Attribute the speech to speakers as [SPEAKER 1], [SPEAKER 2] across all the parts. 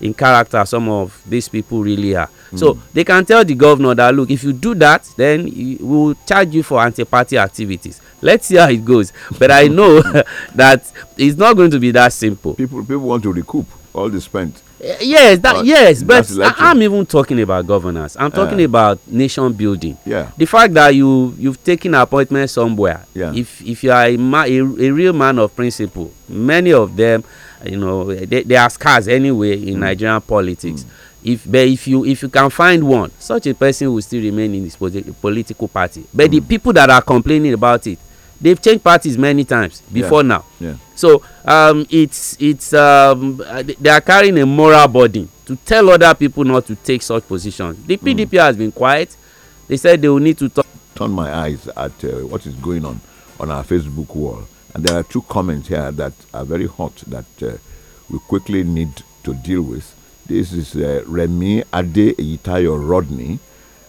[SPEAKER 1] in character some of these people really are. Mm. So hmm. they can tell the governor that look, if you do that, then we will charge you for anti-party activities. Let's see how it goes. But I know that it's not going to be that simple. People people want to recoup all the spent. Eh, yes, that uh, yes, but I, am even talking about governance. I'm talking uh, about nation building. Yeah. The fact that you you've taken an appointment somewhere. Yeah. If if you are a, a, a real man of principle, many of them you know they, they are scars anyway in mm. nigerian politics mm. if but if you if you can find one such a person will still remain in his political party but mm. the people that are complaining about it they've changed parties many times before yeah. now yeah. so um, it's it's um, uh, they are carrying a moral burden to tell other people not to take such positions the pdp mm. has been quiet they said they will need to turn my eyes at uh, what is going on on our facebook wall
[SPEAKER 2] and there are two comments here that are very hot that uh, we quickly need to deal with. This is uh, Remy Ade Eitayo Rodney.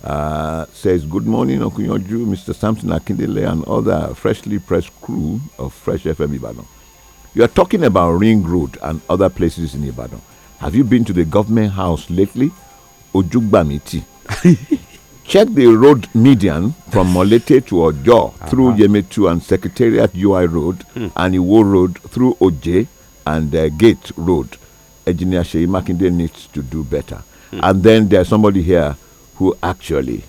[SPEAKER 2] Uh, says, Good morning, Okunyoju, Mr. Samson Akindele, and other freshly pressed crew of Fresh FM Ibadan. You are talking about Ring Road and other places in Ibadan. Have you been to the government house lately? Ojugbamiti. Check the road median from Molete to Ojo uh-huh. through Yemetu and Secretariat UI Road hmm. and Iwo Road through Oje and uh, Gate Road. Engineer Sheyi Makinde needs to do better. Hmm. And then there's somebody here who actually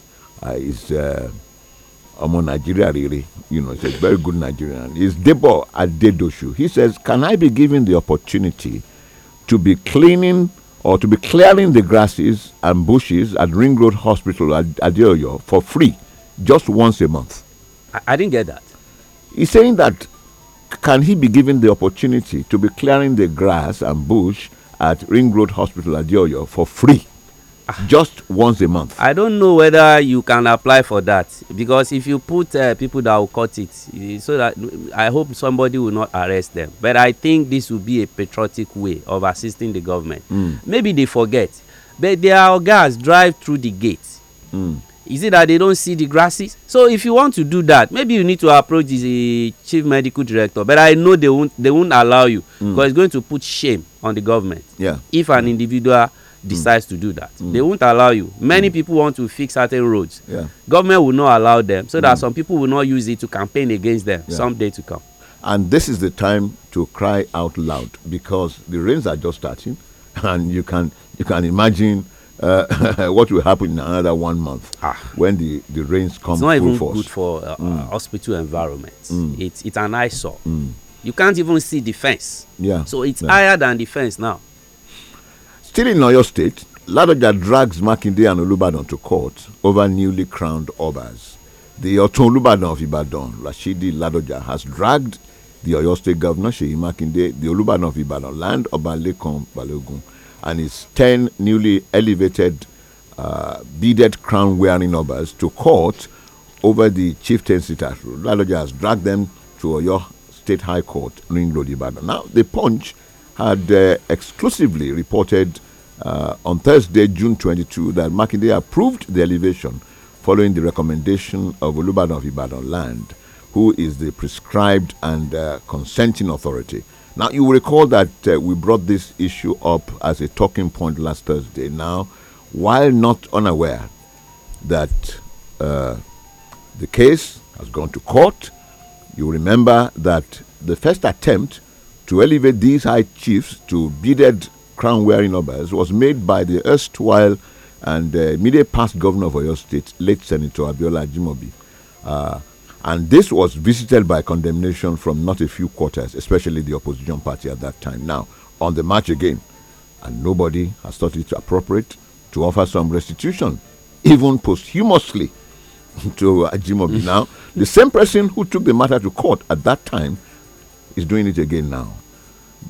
[SPEAKER 2] uh, is uh, among Nigeria really. You know, he's a very good Nigerian. He's Debo Adedoshu. He says, Can I be given the opportunity to be cleaning or to be clearing the grasses and bushes at Ring Road Hospital at Adeoyo for free just once a month.
[SPEAKER 1] I, I didn't get that.
[SPEAKER 2] He's saying that can he be given the opportunity to be clearing the grass and bush at Ring Road Hospital at Adeoyo for free just once a month.
[SPEAKER 1] I don't know whether you can apply for that because if you put uh, people that will cut it, eh, so that I hope somebody will not arrest them. But I think this will be a patriotic way of assisting the government. Mm. Maybe they forget, but their guys drive through the gates. Mm. Is it that they don't see the grasses? So if you want to do that, maybe you need to approach the chief medical director. But I know they won't they won't allow you mm. because it's going to put shame on the government. Yeah. If an hmm. individual decides to do that. Mm. They won't allow you. Many mm. people want to fix certain roads. Yeah. Government will not allow them so that mm. some people will not use it to campaign against them yeah. someday to come.
[SPEAKER 2] And this is the time to cry out loud because the rains are just starting and you can you can imagine uh, what will happen in another one month ah. when the, the rains come it's not even force. good
[SPEAKER 1] for uh, mm. Uh, hospital environment mm. it's, it's an eyesore mm. you can't even see the fence yeah. so it's yeah. higher than the fence now
[SPEAKER 2] Still in Oyo State, Ladoja drags Makinde and Olubadan to court over newly crowned obas. The Otun Olubadan of Ibadan, Rashidi Ladoja, has dragged the Oyo State Governor Sheyi Makinde, the Olubadan of Ibadan, Land Oba Lekan Balogun, and his 10 newly elevated uh, beaded crown wearing obas to court over the chieftaincy title. Ladoja has dragged them to Oyo State High Court, Ring Road, Ibadan. Now, the punch had uh, exclusively reported uh, on Thursday, June 22, that Makinde approved the elevation following the recommendation of Olubadan of Ibadan Land, who is the prescribed and uh, consenting authority. Now, you will recall that uh, we brought this issue up as a talking point last Thursday. Now, while not unaware that uh, the case has gone to court, you remember that the first attempt to elevate these high chiefs to beaded crown wearing nobles was made by the erstwhile and uh, immediate past governor of Oyo State, late Senator Abiola Jimobi. Uh, and this was visited by condemnation from not a few quarters, especially the opposition party at that time. Now, on the march again, and nobody has thought it appropriate to offer some restitution, even posthumously, to Ajimobi. Mm. now, the same person who took the matter to court at that time is doing it again now.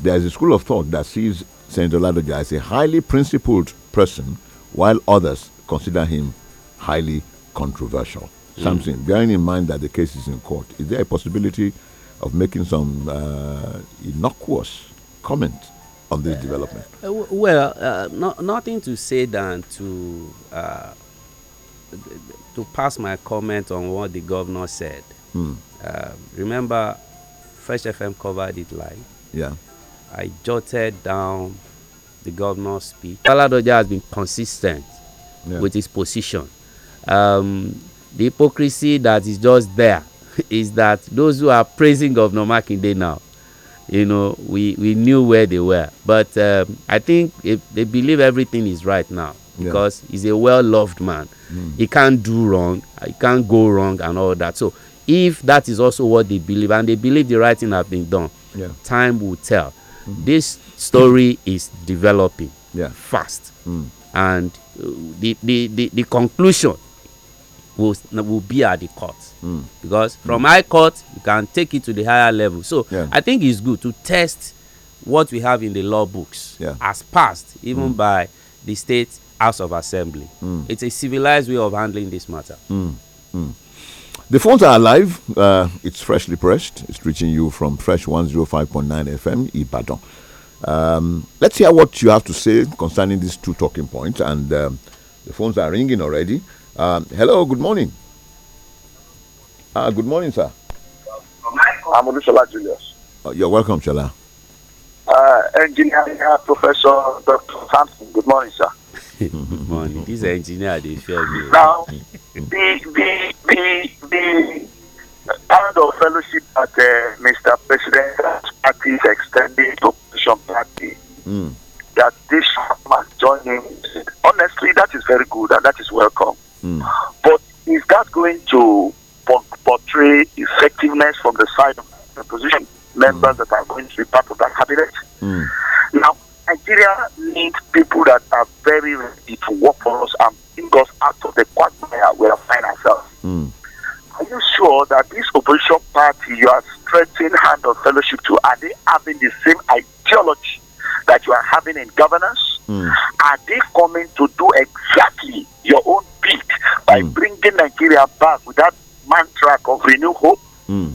[SPEAKER 2] There is a school of thought that sees Senator Ladoja as a highly principled person, while others consider him highly controversial. Mm. Something, bearing in mind that the case is in court, is there a possibility of making some uh, innocuous comment on this uh, development?
[SPEAKER 1] Uh, well, uh, no, nothing to say than to uh, to pass my comment on what the governor said. Mm. remember, Fresh FM covered it live. Yeah. I jotted down the governor's speech. Baladoja has been consistent yeah. with his position. Um, the hypocrisy that is just there is that those who are praising Governor Makinde now, you know, we, we knew where they were. But um, I think if they believe everything is right now because yeah. he's a well loved man. Mm. He can't do wrong, he can't go wrong, and all that. So if that is also what they believe and they believe the right thing has been done yeah. time will tell mm this story is developing yeah. fast mm. and uh, the, the, the, the, conclusion will, will be at the court mm. because mm. from high court you can take it to the higher level so yeah. i think it's good to test what we have in the law books as passed even mm. by the state house of assembly mm. it's a civilized way of handling this matter
[SPEAKER 2] Mm. The phones are alive. Uh, it's freshly pressed. It's reaching you from Fresh 105.9 FM, Ibadan. Um, let's hear what you have to say concerning these two talking points. And um, the phones are ringing already. Um, hello, good morning. Uh, good morning, sir. I'm Olushola Julius. Uh, you're welcome, Shola.
[SPEAKER 3] Uh, engineer Professor Dr. Sampson, good morning, sir.
[SPEAKER 1] good morning. This engineer, they fear me.
[SPEAKER 3] Now, the, the, the part of fellowship that uh, Mr. President's party is extending to opposition party, mm. that this man joining honestly, that is very good and that is welcome. Mm. But is that going to portray effectiveness from the side of the opposition members mm. that are going to be part of that cabinet? Hmm. Now, Nigeria needs people that are very ready to work for us and bring us out of the quality Liberation Party, you are stretching hand of fellowship to, are they having the same ideology that you are having in governance? Mm. Are they coming to do exactly your own bit by mm. bringing Nigeria back with that mantra of renew hope? Mm.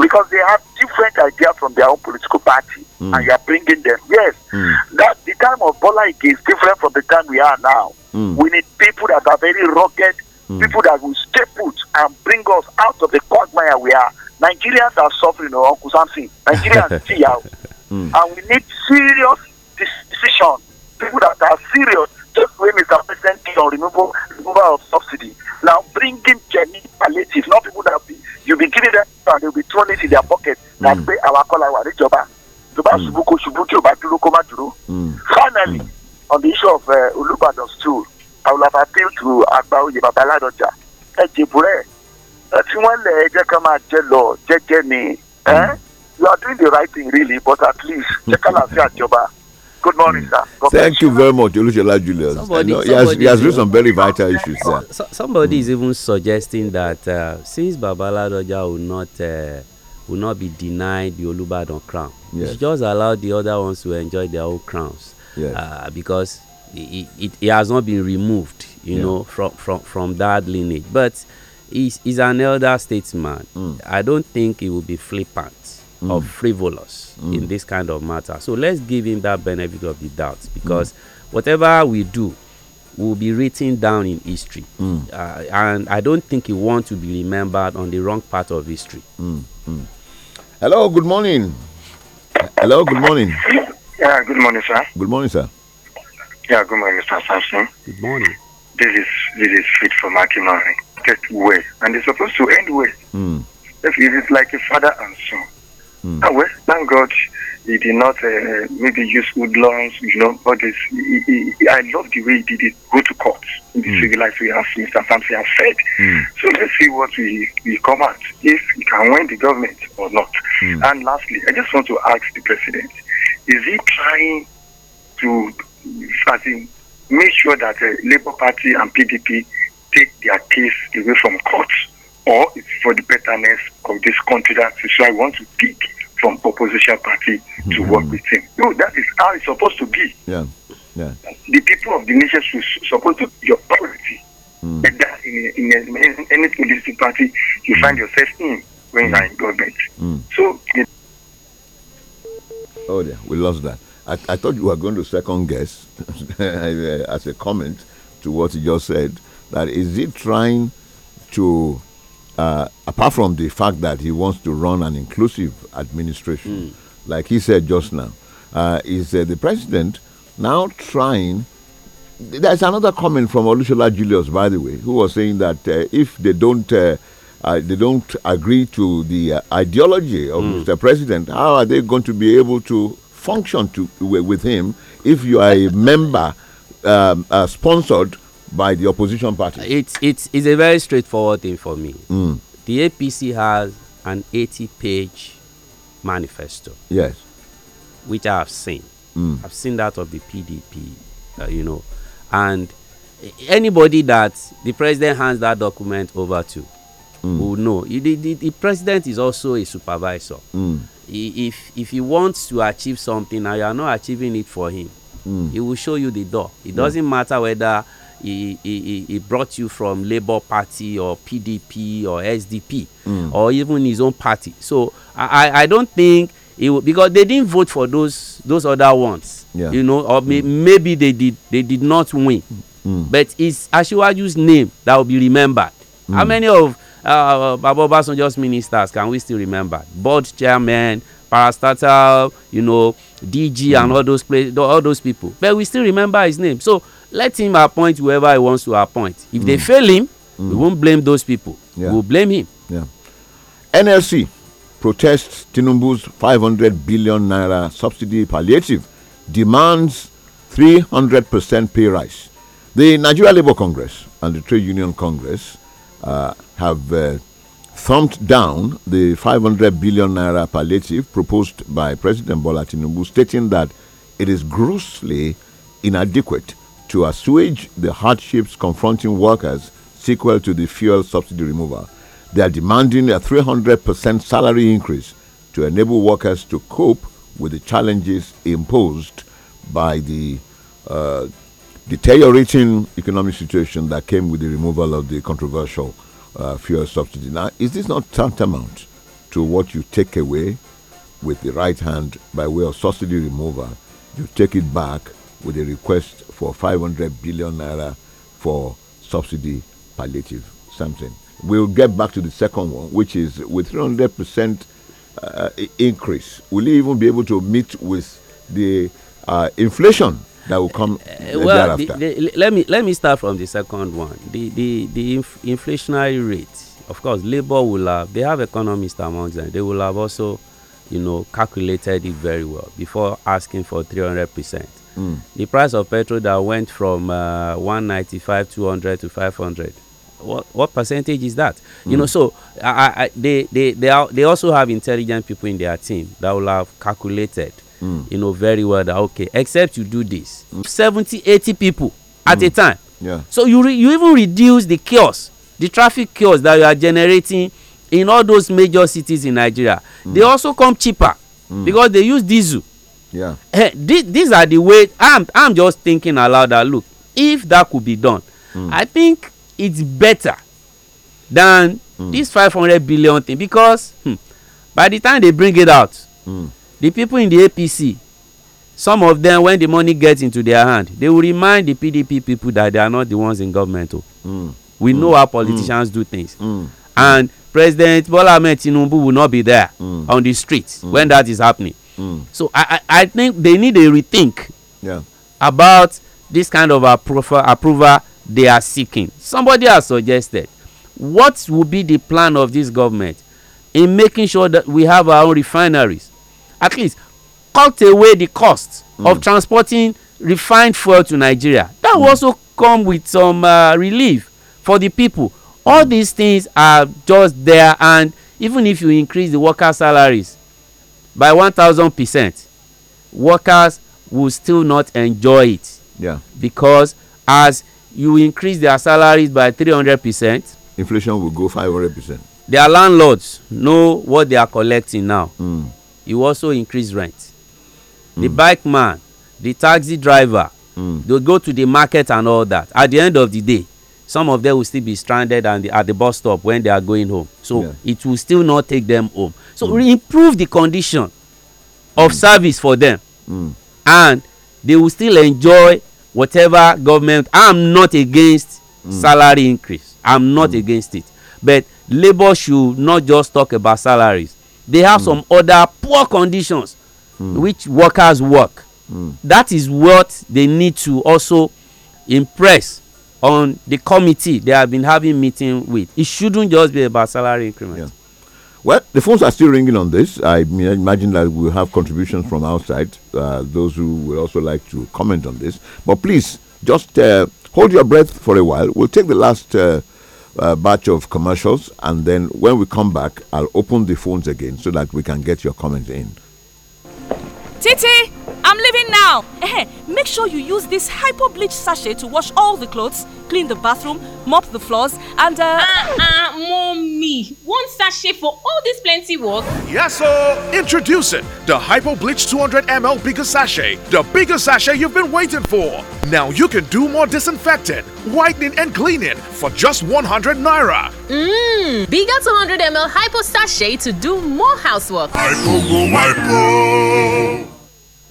[SPEAKER 3] Because they have different ideas from their own political party, hmm. and you are bringing them. Yes, hmm. that the time of Bola is different from the time we are now. Hmm. We need people that are very rugged Nigerians are suffering, or Uncle Samson. Nigerians see out. Mm. And we need serious decision. People that are serious. Just when Mr. President on removal, removal of subsidy. Now bringing genuine palliative, not people that be, you'll be giving them and they'll be throwing it in their pocket. That's mm. I our call our job. Mm. Hmm. Finally, mm. on the issue of uh, eh, Ulubadan stool, I will have appealed to Agbaoye Babaladoja. Ẹ jẹ́ bùrẹ́. Ẹ tí wọ́n ni eh? you are doing the right thing really but at least check àlàáfíà ìjọba. Good morning, sir. God Thank
[SPEAKER 2] you very much, Olusola Julius. Somebody, he has, he has raised some very vital issues there.
[SPEAKER 1] So, somebody mm. is hmm. even suggesting that uh, since Babala will not uh, will not be denied the Olubadan crown, yes. we just allow the other ones to enjoy their own crowns. Yes. Uh, because it, it, it, has not been removed, you yeah. know, from, from, from that lineage. But he's, he's an elder statesman. Mm. I don't think he will be flippant mm. or frivolous mm. in this kind of matter. So let's give him that benefit of the doubt because mm. whatever we do will be written down in history. Mm. Uh, and I don't think he wants to be remembered on the wrong part of history. Mm, Hello, good morning. Hello, good morning.
[SPEAKER 3] Yeah, good morning, sir. Good morning, sir. Yeah, good morning, Mr. Sampson. Good morning. This is this is fit for Makinori get well, and it's supposed to end well. Mm. If it is like a father and son. Mm. Oh, well, thank God he did not uh, maybe use woodlands, you know, But He, he, I love the way he did it. Go to court in the hmm. civil life. We as Mr. Samson has said. Mm. So let's see what we, we come at, if he can win the government or not. Mm. And lastly, I just want to ask the president is he trying to as in, make sure that uh, Labour Party and PDP take their case away from courts or it's for the betterness of this country. That is why I want to pick from opposition party to mm -hmm. work with him. No, that is how it's supposed to be.
[SPEAKER 2] Yeah, yeah.
[SPEAKER 3] The people of the nation should supposed to be your priority. Mm. But that in, in, in, any political party you find mm. yourself in when mm. you are in mm. government. Mm. So.
[SPEAKER 2] oh yeah, we lost that. I, I thought you were going to second guess as a comment to what you just said that is he trying to uh, apart from the fact that he wants to run an inclusive administration, mm. like he said just now, uh, is uh, the president now trying? There's another comment from Olusola Julius, by the way, who was saying that uh, if they don't uh, uh, they don't agree to the ideology of mm. Mr. President, how are they going to be able to function to, with him if you are a member
[SPEAKER 1] um, sponsored by the opposition party? It's, it's, it's a very straightforward thing for me. Mm. The APC has an 80 page manifesto. Yes. Which I have seen. Mm. I've seen that of the PDP, uh, you know. And anybody that the president hands that document over to mm. will know. The, the, the, president is also a supervisor. Mm. if, if he wants to achieve something and you are not achieving it for him, mm. he will show you the door. It doesn't mm. matter whether he, he, he brought you from Labour Party or PDP or SDP mm. or even his own party. So I, I don't think it would, because they didn't vote for those those other ones. Yeah. You know, or mm. may, hmm. maybe they did they did not win. Mm. But it's Ashiwaju's name that will be remembered. How hmm. many of uh, Babobasanjo's ministers can we still remember? Board chairman, parastatal, you know, DG hmm. and all those place, all those people. But we still remember his name. So let him appoint whoever he wants to appoint if mm. they fail him mm. we won't blame those people yeah. we will blame him yeah. nlc protests tinubu's
[SPEAKER 2] 500 billion naira subsidy palliative demands 300% pay rise the nigeria labour congress and the trade union congress uh, have uh, thumped down the 500 billion naira palliative proposed by President Bola Tinubu, stating that it is grossly inadequate to assuage the hardships confronting workers sequel to the fuel subsidy removal. They are demanding a 300% salary increase to enable workers to cope with the challenges imposed by the uh, deteriorating economic situation that came with the removal of the controversial uh, fuel subsidy. Now, is this not tantamount to what you take away with the right hand by way of subsidy removal? You take it back with a request for 500 billion naira for subsidy palliative something. We'll get back to the second one, which is with 300 percent uh, increase. Will you even be able to meet with the uh, inflation that will come uh, well,
[SPEAKER 1] thereafter? The, the, let me let me start from the second one. The the the inf inflationary rate. Of course, labor will have. They have economists amongst them. They will have also, you know, calculated it very well before asking for 300 percent Mm. The price of petrol that went from uh, 195, 200 to 500. What, what percentage is that? Mm. You know, mm. so I, I, they, they, they, are, they also have intelligent people in their team that will have calculated, mm. you know, very well that, okay, except you do this. Mm. 70, 80 people at a mm. time. Yeah. So you, re, you even reduce the chaos, the traffic chaos that you are generating in all those major cities in Nigeria. They mm. also come cheaper because they use diesel yeah. Eh, these are the way I'm I'm just thinking aloud that look, if that could be done, mm. I think it's better than mm. this 500 billion thing because hmm, by the time they bring it out, mm. the people in the APC, some of them when the money gets into their hand, they will remind the PDP people that they are not the ones in government. Oh. We hmm. know how hmm. politicians do things. And President Bola Ahmed Tinubu will not be there on the streets when that is happening Mm. So I, I, I think they need a rethink yeah. about this kind of approval approval they are seeking. Somebody has suggested what would be the plan of this government in making sure that we have our own refineries. At least cut away the cost mm. of transporting refined fuel to Nigeria. That mm. will also come with some uh, relief for the people. All these things are just there and even if you increase the worker salaries by 1000%, workers will still not enjoy it. Yeah. Because as you increase their salaries by 300%, inflation will go 500%. Their landlords know what they are collecting now. Mm. You also increase rent. Mm. The bike man, the taxi driver, mm. they go to the market and all that. At the end of the day, some of them will still be stranded and at the bus stop when they are going home so yeah. it will still not take them home so mm. we improve the condition of mm. service for them mm. and they will still enjoy whatever government i'm not against mm. salary increase i'm not mm. against it but labour should not just talk about salaries they have mm. some other poor conditions which workers work that is what they need to also impress on the committee they have been having meeting with it shouldn't just be about salary increment. Yeah.
[SPEAKER 2] Well, the phones are still ringing on this. I imagine that we'll have contributions from outside, uh, those who would also like to comment on this. But please, just uh, hold your breath for a while. We'll take the last uh, uh batch of commercials, and then when we come back, I'll open the phones again so that we can get your comments in.
[SPEAKER 4] Titi, I'm leaving now. Make sure you use this hypo bleach sachet to wash all the clothes clean the bathroom, mop the floors, and uh. Ah, ah mommy! One sachet for all this plenty work?
[SPEAKER 5] Yes, sir! Introducing the Hypo Bleach 200 ml Bigger Sachet, the bigger sachet you've been waiting for. Now you can do more disinfecting, whitening, and cleaning for just 100 naira.
[SPEAKER 6] Mmm, bigger 200 ml Hypo Sachet to do more housework. Hypo, go, hypo.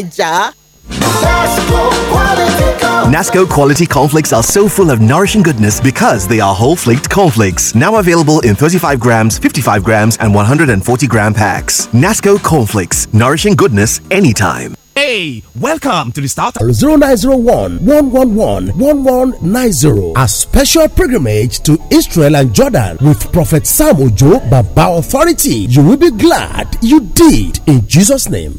[SPEAKER 7] Elijah.
[SPEAKER 8] Nasco quality conflicts are so full of nourishing goodness because they are whole flaked conflicts. Now available in 35 grams, 55 grams, and 140 gram packs. Nasco conflicts, nourishing goodness anytime. Hey, welcome to the start 0901 111 1190. A special pilgrimage to Israel and Jordan with
[SPEAKER 7] Prophet Sam Ojo Baba Authority. You will be glad you did in Jesus' name.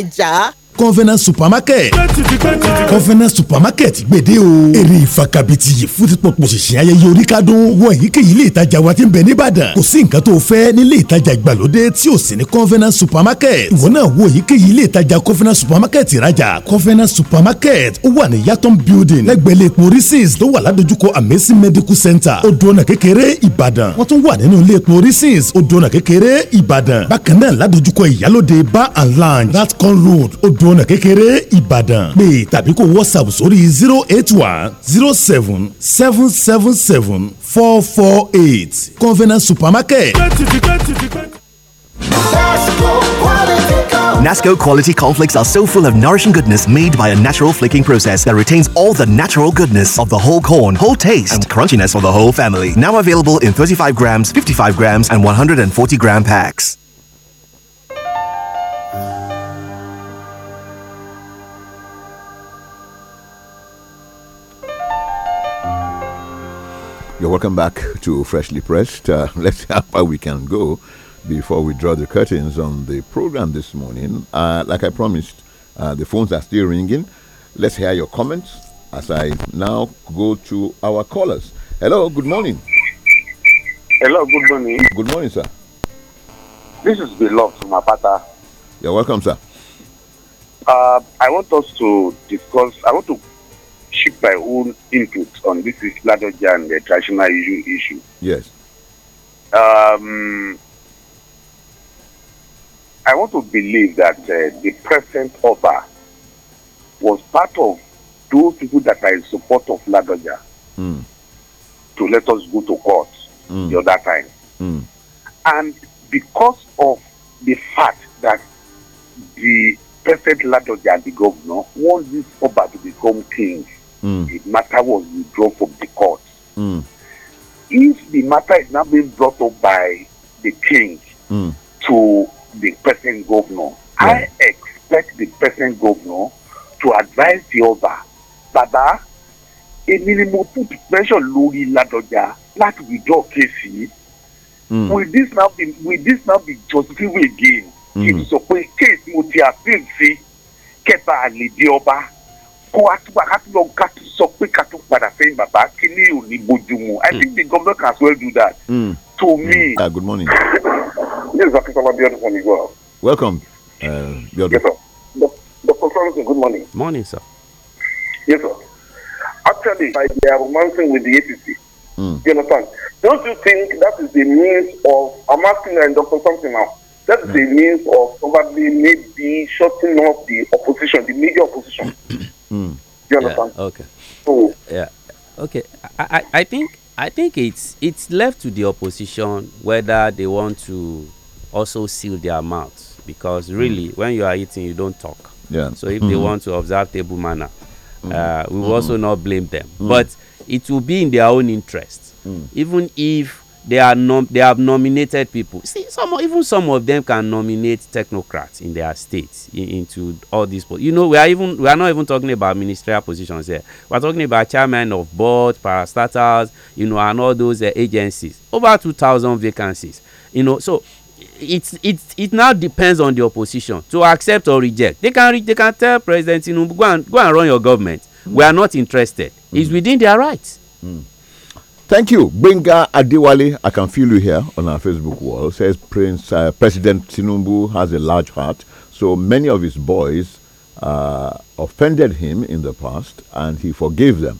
[SPEAKER 7] ìjà
[SPEAKER 9] convenience supermarket convenience supermarket gbèdé o èrè ìfakabiti yìí fún títọ́ pòṣìṣì ayẹyẹ oríkádùn wọ èyíkéyìí ilé ìtajà wa ti ń bẹ nìbàdàn kò sí nǹkan tó fẹ́ nílé ìtajà ìgbàlódé tí ò sí ní convenience supermarket ìwọ náà wo èyíkéyìí ilé ìtajà convenience supermarket ìrajà convenience supermarket ó wà ní yàtọ̀ building lẹ́gbẹ̀lẹ́ epo reasons tó wà ládojúkọ amesi medical center odòna kékeré ìbàdàn wọ́n tún wà nínú ilé epo reasons odòna kékeré ìbàdàn bákan náà ládojúkọ ìyálòde bar and lounge ratcon road odò ọ̀nà kékeré ìbàdàn pé tàbí kó whatsapp sórí zero eight one zero seven seven seven seven four four eight convenance supermarket. Nasco
[SPEAKER 8] quality cornflakes are so full of nourishing goodness made by a natural flaking process that retains all the natural goodness of the whole corn, whole taste, and crunchiness for the whole family. Now available in 35 grams, 55 grams, and 140 gram packs.
[SPEAKER 2] You're welcome back to Freshly Pressed. Uh, let's see how far we can go before we draw the curtains on the program this morning. Uh, like I promised, uh, the phones are still ringing. Let's hear your comments as I now go to our callers. Hello, good morning. Hello, good morning. Good morning, sir.
[SPEAKER 10] This is Beloved
[SPEAKER 2] Mapata. You're welcome, sir.
[SPEAKER 10] Uh, I want us to discuss, I want to shift my own input on this is Ladoja and the traditional issue issue. Yes. Um, I want to believe that uh, the present Oba was part of those people that are in support of Ladoja mm. to let us go to court mm. the other time. Mm. And because of the fact that the present Ladoja and the governor want this Oba to become king, mm. the matter was withdrawn from the court. Mm. If the matter is now being brought up by the king mm. to the present governor, I expect the present governor to advise the other, Baba, in ni to put pressure lórí Ládọjà láti withdraw kéèsì mm. Will this now be will this now be justifiable again? Mm. Kì í sọ pé kéèsì mo ti appeal ọba kó sọ pé padà sẹ́yìn bàbá kí ni ò ní i think hmm. the government can well do that. Hmm. to hmm.
[SPEAKER 2] me. Uh, good morning. welcome uh, yes sir
[SPEAKER 10] dr good morning. morning sir. yes sir actually by their romancing with the apc. Mm. You understand? Don't you think that is the means of? I'm asking and uh, Dr. Something now. That is mm. the means of probably maybe shutting off the opposition, the major opposition. Mm. You understand?
[SPEAKER 1] Yeah, okay. So, yeah. Okay. I, I, I think I think it's it's left to the opposition whether they want to also seal their mouths because hmm. really when you are eating you don't talk. Yeah. So if mm. they hmm. want to observe table manner, mm. uh, we will hmm. also not blame them. But it will be in their own interest. Even if they are nom they have nominated people see some even some of them can nominate technocrats in their states in, into all these you know we are even we are not even talking about ministerial positions here we are talking about chairman of board parastatals you know and all those uh, agencies over 2000 vacancies you know so it's it it now depends on the opposition to accept or reject they can they can tell president tinubu you know, go and go and run your government mm. we are not interested mm. it's within their rights mm. Thank you. Binga Adiwali. I can feel you here
[SPEAKER 2] on our Facebook wall, says Prince uh, President Tinubu has a large heart. So many of his boys uh, offended him in the past and he forgave them.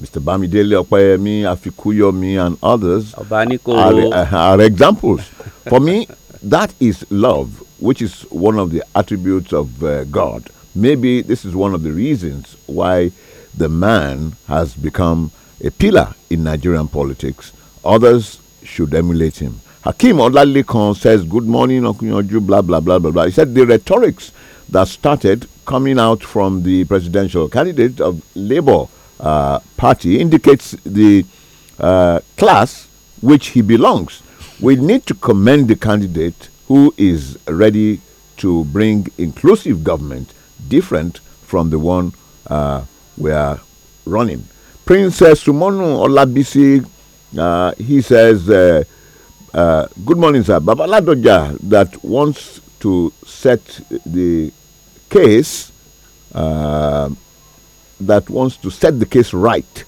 [SPEAKER 2] Mr. Bamidele Okwayemi, Afikuyomi, and others are, uh, are examples. For me, that is love, which is one of the attributes of uh, God. Maybe this is one of the reasons why the man has become a pillar in Nigerian politics. Others should emulate him. Hakim Olalekan says, Good morning, Okunyonju, blah, blah, blah, blah, blah. He said the rhetorics that started coming out from the presidential candidate of Labour uh, Party indicates the uh, class which he belongs. We need to commend the candidate who is ready to bring inclusive government different from the one uh, we are running. Princess Sumonu Olabisi, uh, he says, uh, uh, Good morning, sir. Babaladoja that wants to set the case, uh, that wants to set the case right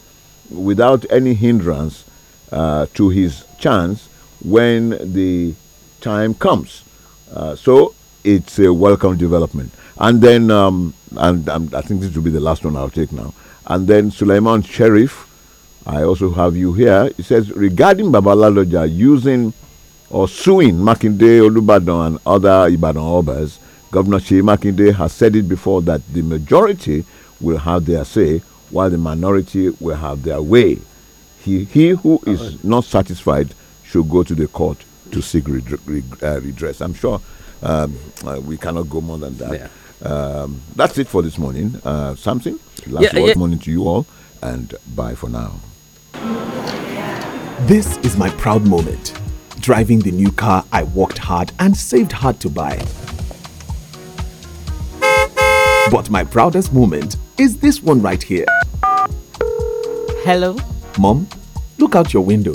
[SPEAKER 2] without any hindrance uh, to his chance when the time comes. Uh, so it's a welcome development. And then, um, and um, I think this will be the last one I'll take now. And then Suleiman Sharif, I also have you here. It says regarding Babalaloja using or suing Makinde Olubadan and other Ibadan obas, Governor Shea Makinde has said it before that the majority will have their say while the minority will have their way. He, he who is not satisfied should go to the court to seek uh, redress. I'm sure um, uh, we cannot go more than that. Yeah. Um, that's it for this morning. Uh, last yeah, word yeah. morning to you all, and bye for now. This is my proud
[SPEAKER 8] moment. Driving the new car I worked hard and saved hard to buy. But my proudest moment is this one right here. Hello? Mom, look out your window.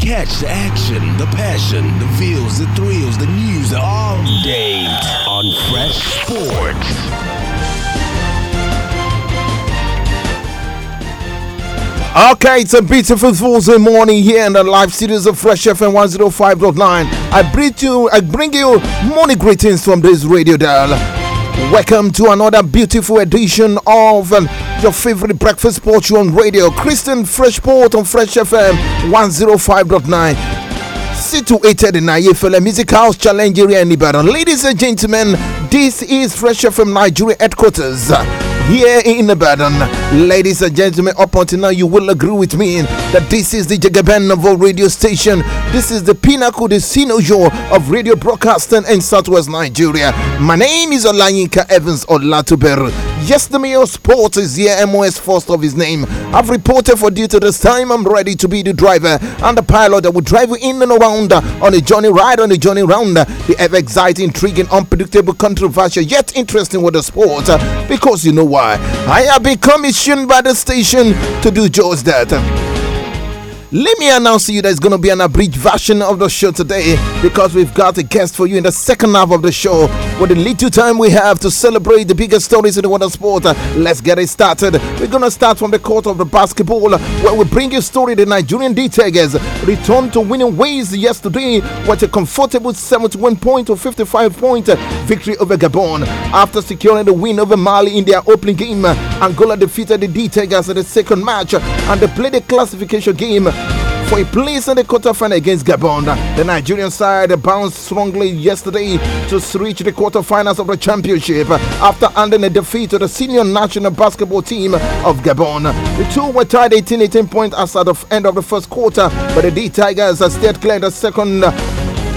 [SPEAKER 5] Catch the action, the passion, the
[SPEAKER 8] feels, the thrills, the news all day on Fresh Sports.
[SPEAKER 11] Okay, it's a beautiful Thursday morning here in the live studios of Fresh FM 105.9. I bring you, I bring you morning greetings from this radio dial. Welcome to another beautiful edition of um, your favorite breakfast porch on radio, Christian Freshport on Fresh FM 105.9 situated in Ayefele Music House, Challenge area Ibadan. Ladies and gentlemen, this is Fresh FM Nigeria headquarters here in Ibadan. Ladies and gentlemen, up until now, you will agree with me that this is the Jagaban Novel radio station. This is the pinnacle, the sinojo of radio broadcasting in Southwest Nigeria. My name is Olayinka Evans Olatuberu. Yes, the Mayo Sports is here, MOS first of his name. I've reported for duty this time. I'm ready to be the driver and the pilot that will drive you in and around on a journey ride, on a journey round the ever exciting, intriguing, unpredictable, controversial, yet interesting with the sport. Because you know why? I have become commissioned by the station to do just that. Let me announce to you there's going to be an abridged version of the show today because we've got a guest for you in the second half of the show. With the little time we have to celebrate the biggest stories in the world of sport, let's get it started. We're going to start from the court of the basketball where we bring you story the Nigerian D-Tigers returned to winning ways yesterday with a comfortable 71 point or 55 point victory over Gabon. After securing the win over Mali in their opening game, Angola defeated the d in the second match and they played a classification game for a place in the quarterfinal against Gabon. The Nigerian side bounced strongly yesterday to reach the quarterfinals of the championship after handing a defeat to the senior national basketball team of Gabon. The two were tied 18 18 points as at the end of the first quarter, but the D Tigers stayed clear in the second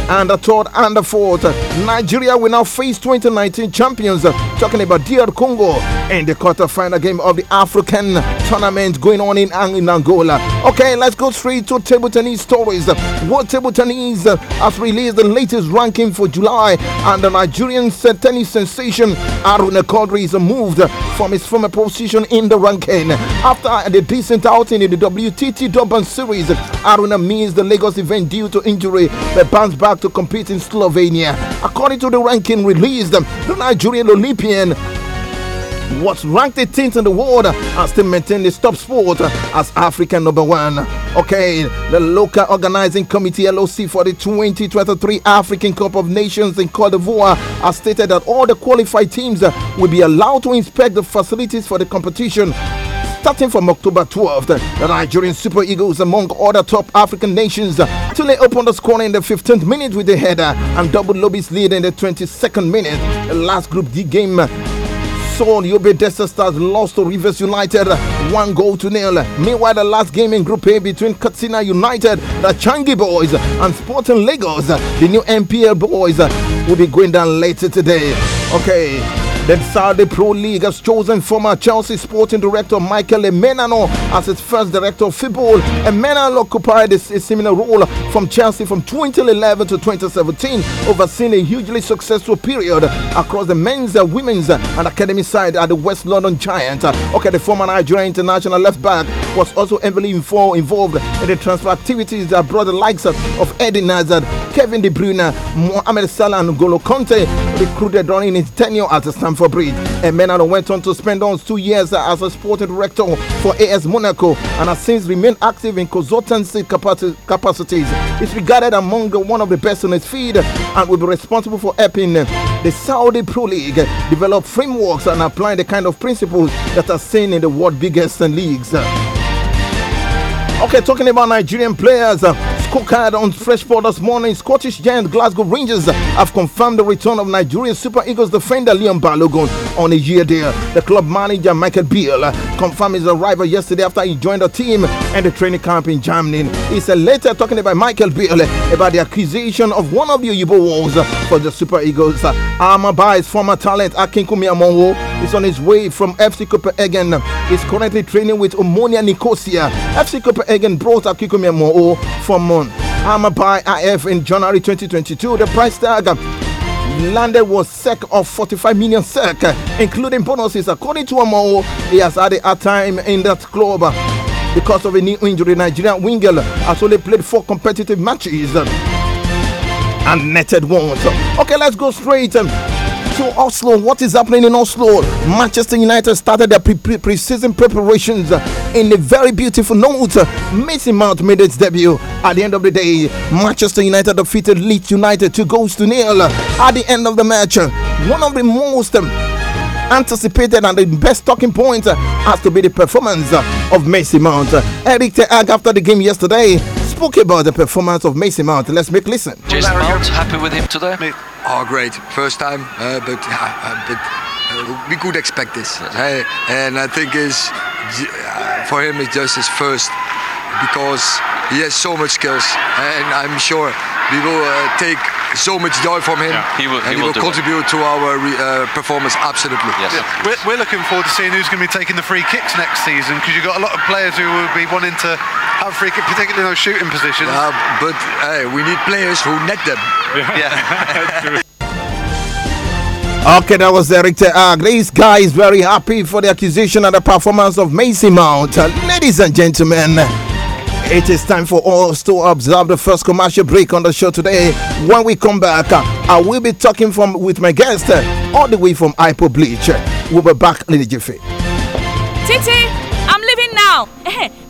[SPEAKER 11] and the third and the fourth. Nigeria will now face 2019 champions, talking about DR Congo in the quarterfinal game of the African tournament going on in, in Angola. Okay, let's go straight to table tennis stories. World Table Tennis has released the latest ranking for July, and the Nigerian tennis sensation Aruna Kodri is moved from his former position in the ranking. After the decent outing in the WTT Durban Series, Aruna missed the Lagos event due to injury but bounced back to compete in Slovenia. According to the ranking released, the Nigerian Olympian was ranked 18th in the world and still maintained the top spot as African number one. Okay, the local organizing committee LOC for the 2023 African Cup of Nations in Cote d'Ivoire has stated that all the qualified teams will be allowed to inspect the facilities for the competition starting from October 12th. The Nigerian Super Eagles, among other top African nations, lay uh, open the score in the 15th minute with a header and double Lobby's lead in the 22nd minute. The last Group D game uh, saw Yobe Desta Stars lost to Rivers United uh, one goal to nil. Meanwhile, the last game in Group A between Katsina United, the Changi Boys, and Sporting Lagos, the new MPL Boys, will be going down later today. Okay, then Saudi Pro League has chosen former Chelsea sporting director Michael Emenano as its first director of football. Emenano occupied a, similar role from Chelsea from 2011 to 2017, overseeing a hugely successful period across the men's, uh, women's, uh, and academy side at the West London Giants. Uh, okay, the former Nigerian international left back was also heavily involved in the transfer activities that brought the likes of Eddie Nazar, Kevin De Bruyne, Mohamed Salah, and Golo Conte recruited during his tenure at Stamford for breed. And Menano went on to spend almost two years as a sporting director for AS Monaco and has since remained active in consultancy capaci capacities. He's regarded among one of the best in his field and will be responsible for helping the Saudi Pro League develop frameworks and apply the kind of principles that are seen in the world's biggest leagues. Okay, talking about Nigerian players scorecard on Freshport this morning. Scottish giant Glasgow Rangers have confirmed the return of Nigerian Super Eagles defender Liam Balogun on a year deal. The club manager Michael Beale confirmed his arrival yesterday after he joined the team and the training camp in Germany. He said later, talking about Michael Beale, about the accusation of one of the Yibo Wolves for the Super Eagles. Armor former talent Akinkumi Amonwo is on his way from FC Copenhagen. He's currently training with Omonia Nicosia. FC Copenhagen brought Akikumi Moo from by IF in January 2022. The price tag landed was sec of 45 million sec, including bonuses. According to Amo, he has had a hard time in that club because of a knee injury. Nigerian Wingel has only played four competitive matches and netted once. Okay, let's go straight to Oslo. What is happening in Oslo? Manchester United started their pre season preparations in a very beautiful note. Mason Mount made its debut. At the end of the day, Manchester United defeated Leeds United two goals to nil. At the end of the match, one of the most anticipated and the best talking point has to be the performance of Macy Mount. Eric Teag after the game yesterday spoke about the performance of Macy Mount. Let's make listen.
[SPEAKER 12] Jason Mount, happy with him today? Oh, great. First time, uh, but, uh, uh but uh, we could expect this. And I think it's, uh, for him, it's just his first because he has so much skills. And I'm sure we will uh, take so much joy from him. Yeah, he will, and he, he will, will contribute it. to our uh, uh, performance absolutely. Yes. Yeah. We're, we're, looking forward to seeing who's going to be taking the free kicks next season because you've got a lot of players who will be wanting to have free kicks, particularly in those shooting positions. Yeah, but hey, we need players who net them. yeah.
[SPEAKER 11] Okay, that was Eric Teag. This guy is very happy for the acquisition and the performance of Macy Mount. Ladies and gentlemen, it is time for us to observe the first commercial break on the show today. When we come back, I will be talking from with my guest uh, all the way from Ipo Bleach. We'll be back in the jiffy.
[SPEAKER 4] Titi, I'm leaving now.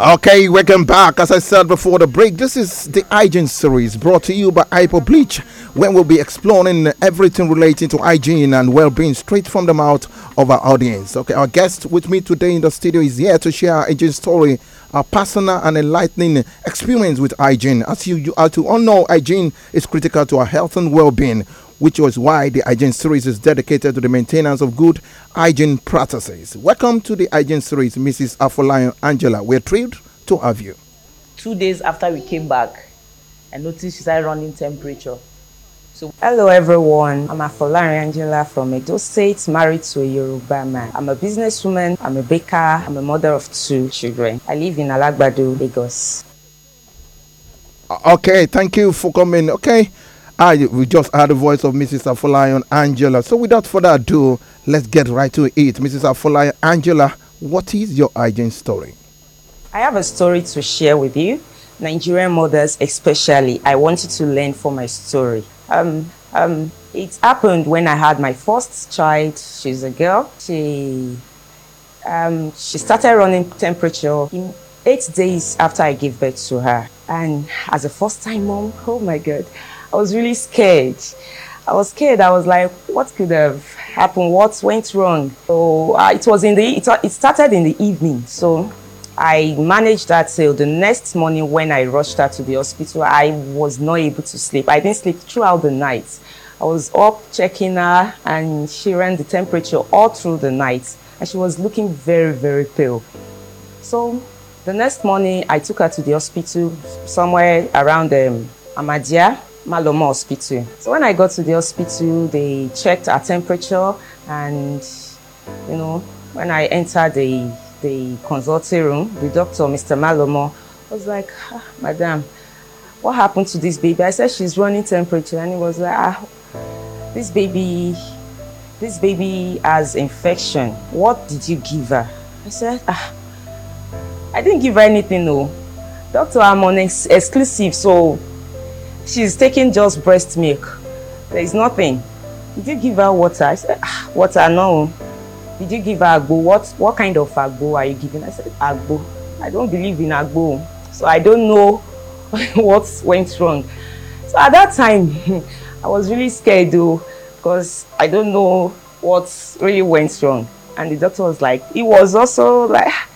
[SPEAKER 11] Okay, welcome back. As I said before the break, this is the hygiene series brought to you by Hypo Bleach, where we'll be exploring everything relating to hygiene and well-being straight from the mouth of our audience. Okay, our guest with me today in the studio is here to share our hygiene story, a personal and enlightening experience with hygiene. As you, as you all know, hygiene is critical to our health and well-being which was why the hygiene series is dedicated to the maintenance of good hygiene practices. Welcome to the hygiene series, Mrs. Afolayan Angela. We're thrilled to have you.
[SPEAKER 13] Two days after we came back, I noticed she started running temperature. So, hello everyone. I'm Afolayan Angela from Edo State, married to a Yoruba man. I'm a businesswoman. I'm a baker. I'm a mother of two children. I live in Alagbado,
[SPEAKER 11] Lagos. Uh, okay, thank you for coming. Okay. I we just heard the voice of Mrs. Afolayan Angela. So without further ado, let's get right to it. Mrs. Afolayan Angela, what is your hygiene story?
[SPEAKER 13] I have a story to share with you. Nigerian mothers, especially, I wanted to learn from my story. Um, um, it happened when I had my first child. She's a girl. She um, she started running temperature in eight days after I gave birth to her. And as a first time mom, oh my God, I was really scared. I was scared. I was like, what could have happened? What went wrong? So uh, it was in the it, it started in the evening. So I managed that till the next morning when I rushed her to the hospital. I was not able to sleep. I didn't sleep throughout the night. I was up checking her and she ran the temperature all through the night and she was looking very, very pale. So the next morning I took her to the hospital somewhere around um, Amadia Maloma Hospital. So when I got to the hospital, they checked our temperature and, you know, when I entered the, the consulting room, the doctor, Mr. Malomo, was like, ah, Madam, what happened to this baby? I said, she's running temperature. And he was like, ah, this baby, this baby has infection. What did you give her? I said, ah, I didn't give her anything, no. Doctor, I'm on ex exclusive, so She's taking just breast milk. There is nothing. Did you give her water? I said, ah, water, no. Did you give her agbo? What, what kind of agbo are you giving? I said, agbo. I don't believe in agbo. So I don't know what went wrong. So at that time, I was really scared though, because I don't know what really went wrong. And the doctor was like, he was also like, ah,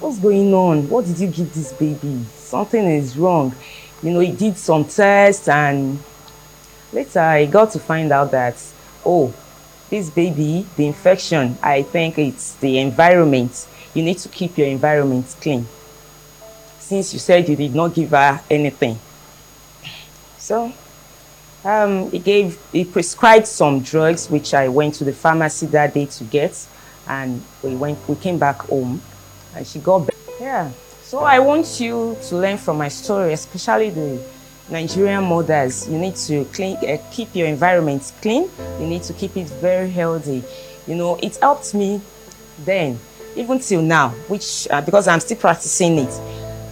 [SPEAKER 13] what's going on? What did you give this baby? Something is wrong you know, he did some tests and later I got to find out that, oh, this baby, the infection, I think it's the environment. You need to keep your environment clean. Since you said you did not give her anything. So um, he gave, he prescribed some drugs, which I went to the pharmacy that day to get. And we went, we came back home and she got better. Yeah. So I want you to learn from my story, especially the Nigerian mothers. You need to clean, uh, keep your environment clean. You need to keep it very healthy. You know, it helped me then, even till now, which uh, because I'm still practicing it.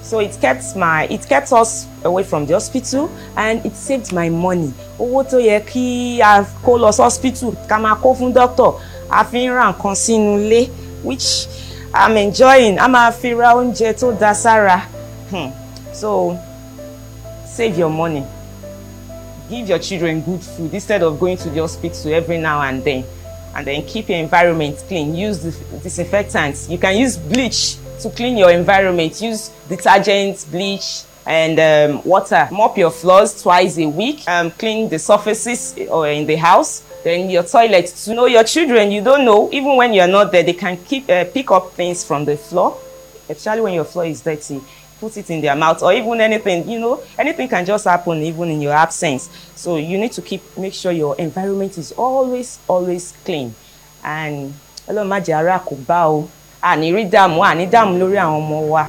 [SPEAKER 13] So it kept my, it kept us away from the hospital and it saved my money. Owó tó yẹ kí a kó hospital kama doctor, a fi which i'm enjoying I'm a ra oúnjẹ tó Dasara, hmm. so save your money give your children good food instead of going to the hospital every now and then and then keep your environment clean use disinfectants you can use bleach to clean your environment use detergent bleach and um, water mop your floors twice a week um, clean the surfaces or uh, in the house then your toilet to know your children you don't know even when you're not there they can keep uh, pick up things from the floor especially when your floor is dirty put it in their mouth or even anything you know anything can just happen even in your absence so you need to keep make sure your environment is always always clean and hello, má jẹ́ ara kò bá o àní rí dààmú àní dààmú lórí àwọn ọmọ wa.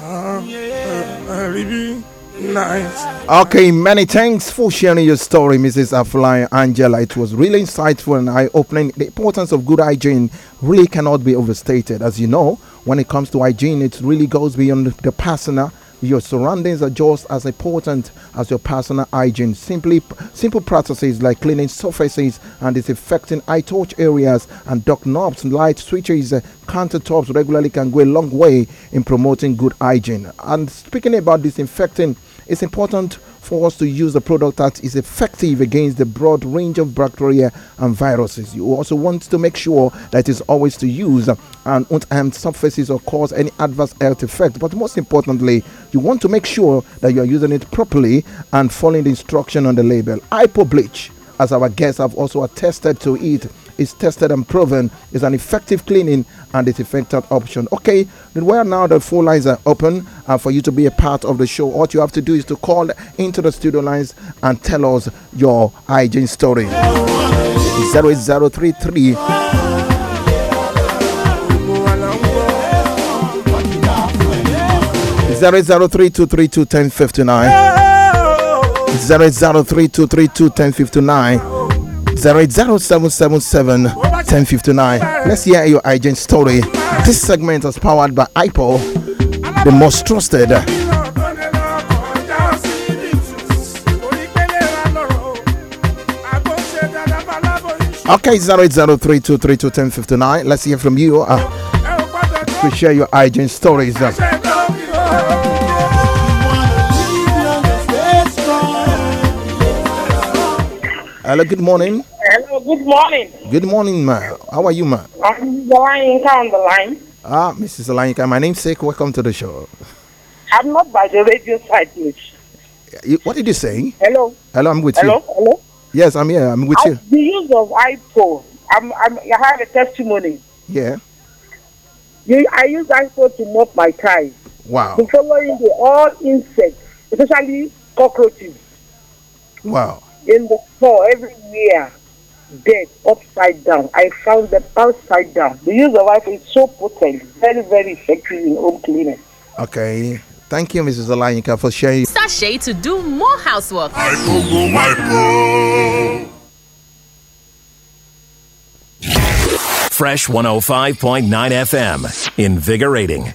[SPEAKER 11] Ah, eh, eh, rí bí Nice. Okay, many thanks for sharing your story, Mrs. Afulai Angela. It was really insightful and eye opening. The importance of good hygiene really cannot be overstated. As you know, when it comes to hygiene, it really goes beyond the personal your surroundings are just as important as your personal hygiene. Simply simple practices like cleaning surfaces and disinfecting eye touch areas and dock knobs, light switches, uh, countertops regularly can go a long way in promoting good hygiene. And speaking about disinfecting, it's important for us to use the product that is effective against the broad range of bacteria and viruses. You also want to make sure that it's always to use won't uh, harm surfaces or cause any adverse health effect. But most importantly, you want to make sure that you are using it properly and following the instruction on the label. Hypobleach, as our guests have also attested to it, is tested and proven is an effective cleaning and the defected option. Okay, then well now the phone lines are open uh, for you to be a part of the show. What you have to do is to call into the studio lines and tell us your hygiene story. 08033 two three two ten fifty nine. Zero zero three two three two ten fifty nine. 08077 1059. Let's hear your agent story. This segment is powered by IPO, the most trusted Okay, 08032321059. Let's hear from you. Uh, to share your agent stories. Uh. Hello, good morning.
[SPEAKER 14] Hello, good morning.
[SPEAKER 11] Good morning, ma. How are you, ma?
[SPEAKER 14] I'm Zalainka on the line.
[SPEAKER 11] Ah, Mrs. Alanyika, my name's namesake, welcome to the show.
[SPEAKER 15] I'm not by the radio side, please.
[SPEAKER 11] You, what did you say?
[SPEAKER 15] Hello. Hello, I'm with Hello? you. Hello.
[SPEAKER 11] Yes, I'm here. I'm with As you.
[SPEAKER 15] The use of iPhone. I'm, I'm, I have a testimony. Yeah. You, I use iPhone to mop my car. Wow. To following the all insects, especially cockroaches. Wow in the store, everywhere, dead, upside down. I found them upside down. The use of life is so potent, very, very effective in home cleaning.
[SPEAKER 11] Okay. Thank you, Mrs. Alanyika, for sharing.
[SPEAKER 6] Sashay to do more housework. I Google my
[SPEAKER 8] Fresh 105.9 FM. Invigorating.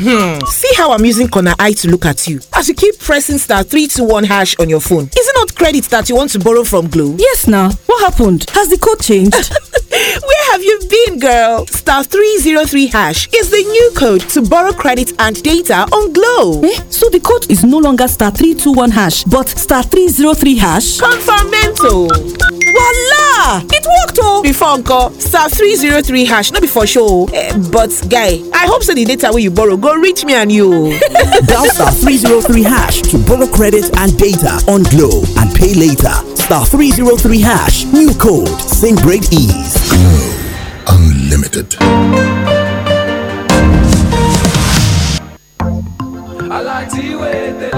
[SPEAKER 8] Hmm. See how I'm using corner eye to look at you as you keep pressing star
[SPEAKER 13] 321 hash on your phone. Is it not credit that you want to borrow from Glow? Yes, now. What happened? Has the code changed? Where have you been, girl? Star 303 hash is the new
[SPEAKER 4] code to borrow credit and data on Glow. Eh? So the code is no longer star 321 hash, but star 303 hash? Confirmento. Voila!
[SPEAKER 13] It worked oh! Before Uncle, star 303 hash, not before show. Uh, but guy, I hope so the data where you borrow go reach me and you. Oh.
[SPEAKER 7] Dial star 303 hash to borrow credit and data on Glow and pay later. Star 303 hash, new code, same great ease. Glow
[SPEAKER 9] Unlimited. I like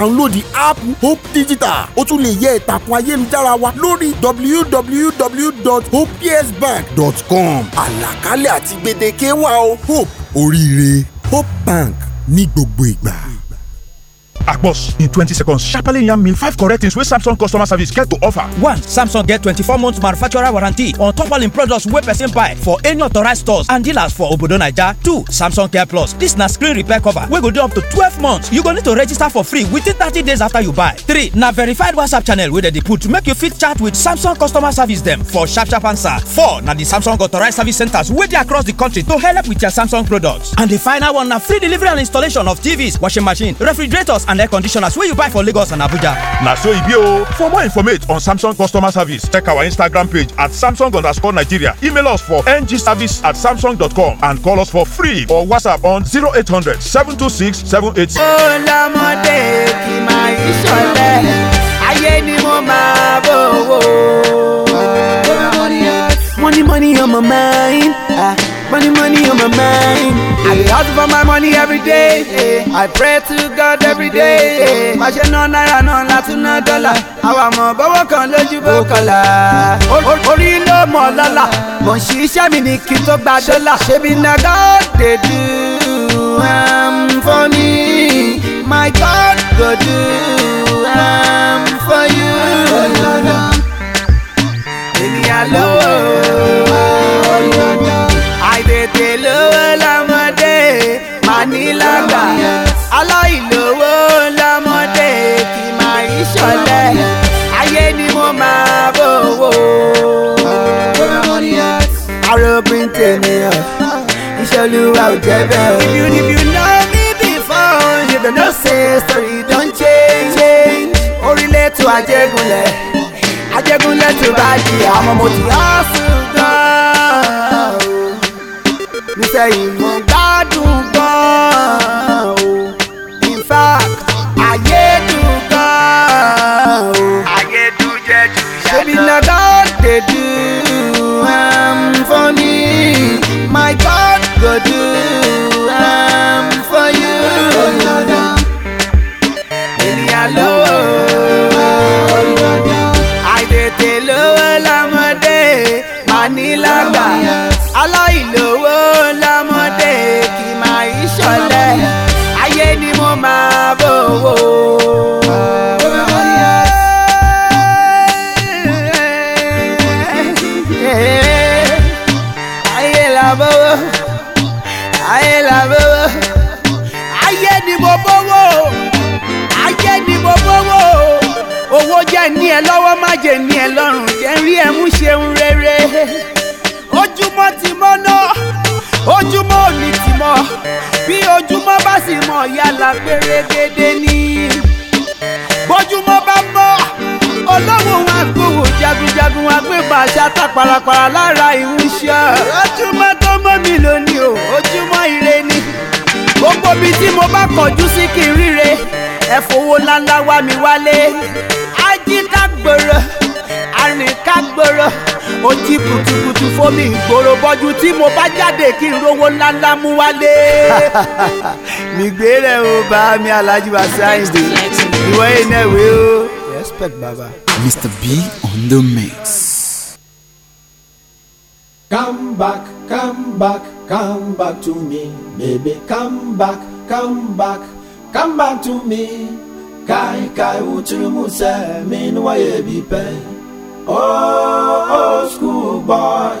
[SPEAKER 16] download the app hope digital ó tún lè yẹ ìtàkùn ayélujára wa lórí www.hopepsbank.com àlàkalẹ̀ àti gbèdéke wa o hope oríire hope bank ní gbogbo ìgbà. Agbos in 20 seconds sharply yarn
[SPEAKER 17] me five correct things wey samsung customer service get to offer. one samsung get 24 months manufacturer warranty on top all im products wey person buy for any authorized stores and dealers for obodo naija. two samsung care plus this na screen repair cover wey go dey up to 12 months you go need to register for free within 30 days after you buy. three na verified whatsapp channel wey dem dey put make you fit chat with samsung customer service dem for sharp sharp answer. four na the samsung authorized service centers wey dey across the country to help with your samsung products. and the final one na free delivery and installation of tvs washing machine refrigerators and air conditioners wey you buy for lagos and abuja
[SPEAKER 9] na so e be o for more information on samsung customer service check our instagram page at samsung underscore nigeria email us for ngservice at samsung.com and call us for free or whatsapp on 0800 726 786. ọlọmọdé
[SPEAKER 18] kì máa ń ṣọlẹ money money on my mind. Ah. Money, money on my mind. I be hustle for my money every day. Yeah. I pray to God every day. Má ṣe ná náírà náà láti ná dọ́là. Àwa mọ̀ bọ́wọ́ kan lójú bó kọlà. Orí ló mọ̀ lọ́la. Mò ń ṣiṣẹ́ mi ní kí n tó gba dọ́là. Ṣebí na God dey do am for me. My God go do am for you. Ènìyàn lówó tètè lówó lọ́mọdé màá ní lágbà aláìlówó lọ́mọdé kì máa rí ṣọ̀lẹ ayé ni mo máa bò wò. arobin tènìyàn iṣẹ́ olúwa ò jẹ́ bẹ́ẹ̀ o. if you know me before you don't say sorry, don change change orílẹ̀ tó ajégúnlẹ̀ ajégúnlẹ̀ tó bá di àmọ́ mo ti hàn say méje ní ẹ lọ́rùn jẹ́ rí ẹ mú ṣeun rere ojúmọ́ ti mọ́ náà ojúmọ́ ò ní ti mọ́ bí ojúmọ́ bá sì mọ́ yálà pérégede ni bójúmọ́ bá mọ́ ọlọ́run agbóhùn jagunjagun agbébọn àṣà tá parapara lára ìwúṣẹ́ ojúmọ́ tó mọ́ mi lónìí o ojúmọ́ ire ni gbogbo ibi tí mo bá kọjú sí kí n ríre ẹ̀fọ́wọ́ ńláńlá wá mi wálé ajídàgbòrò arìnkágbòrò ojí pùtùpùtù fomi ìgboro bọ́jú tí mo bá jáde kí n rówó ńláńlá mú wálé. nìgbérẹ̀ o bá mi alájú wa science day ìwọ yìí náà o.
[SPEAKER 17] respect baba.
[SPEAKER 16] Mr. B on the mix.
[SPEAKER 17] Come back, come back, come back to me, baby. Come
[SPEAKER 18] back, come back, come back to me kai kai wutiri mu sɛ mi ni bi pɛ oh oh school boy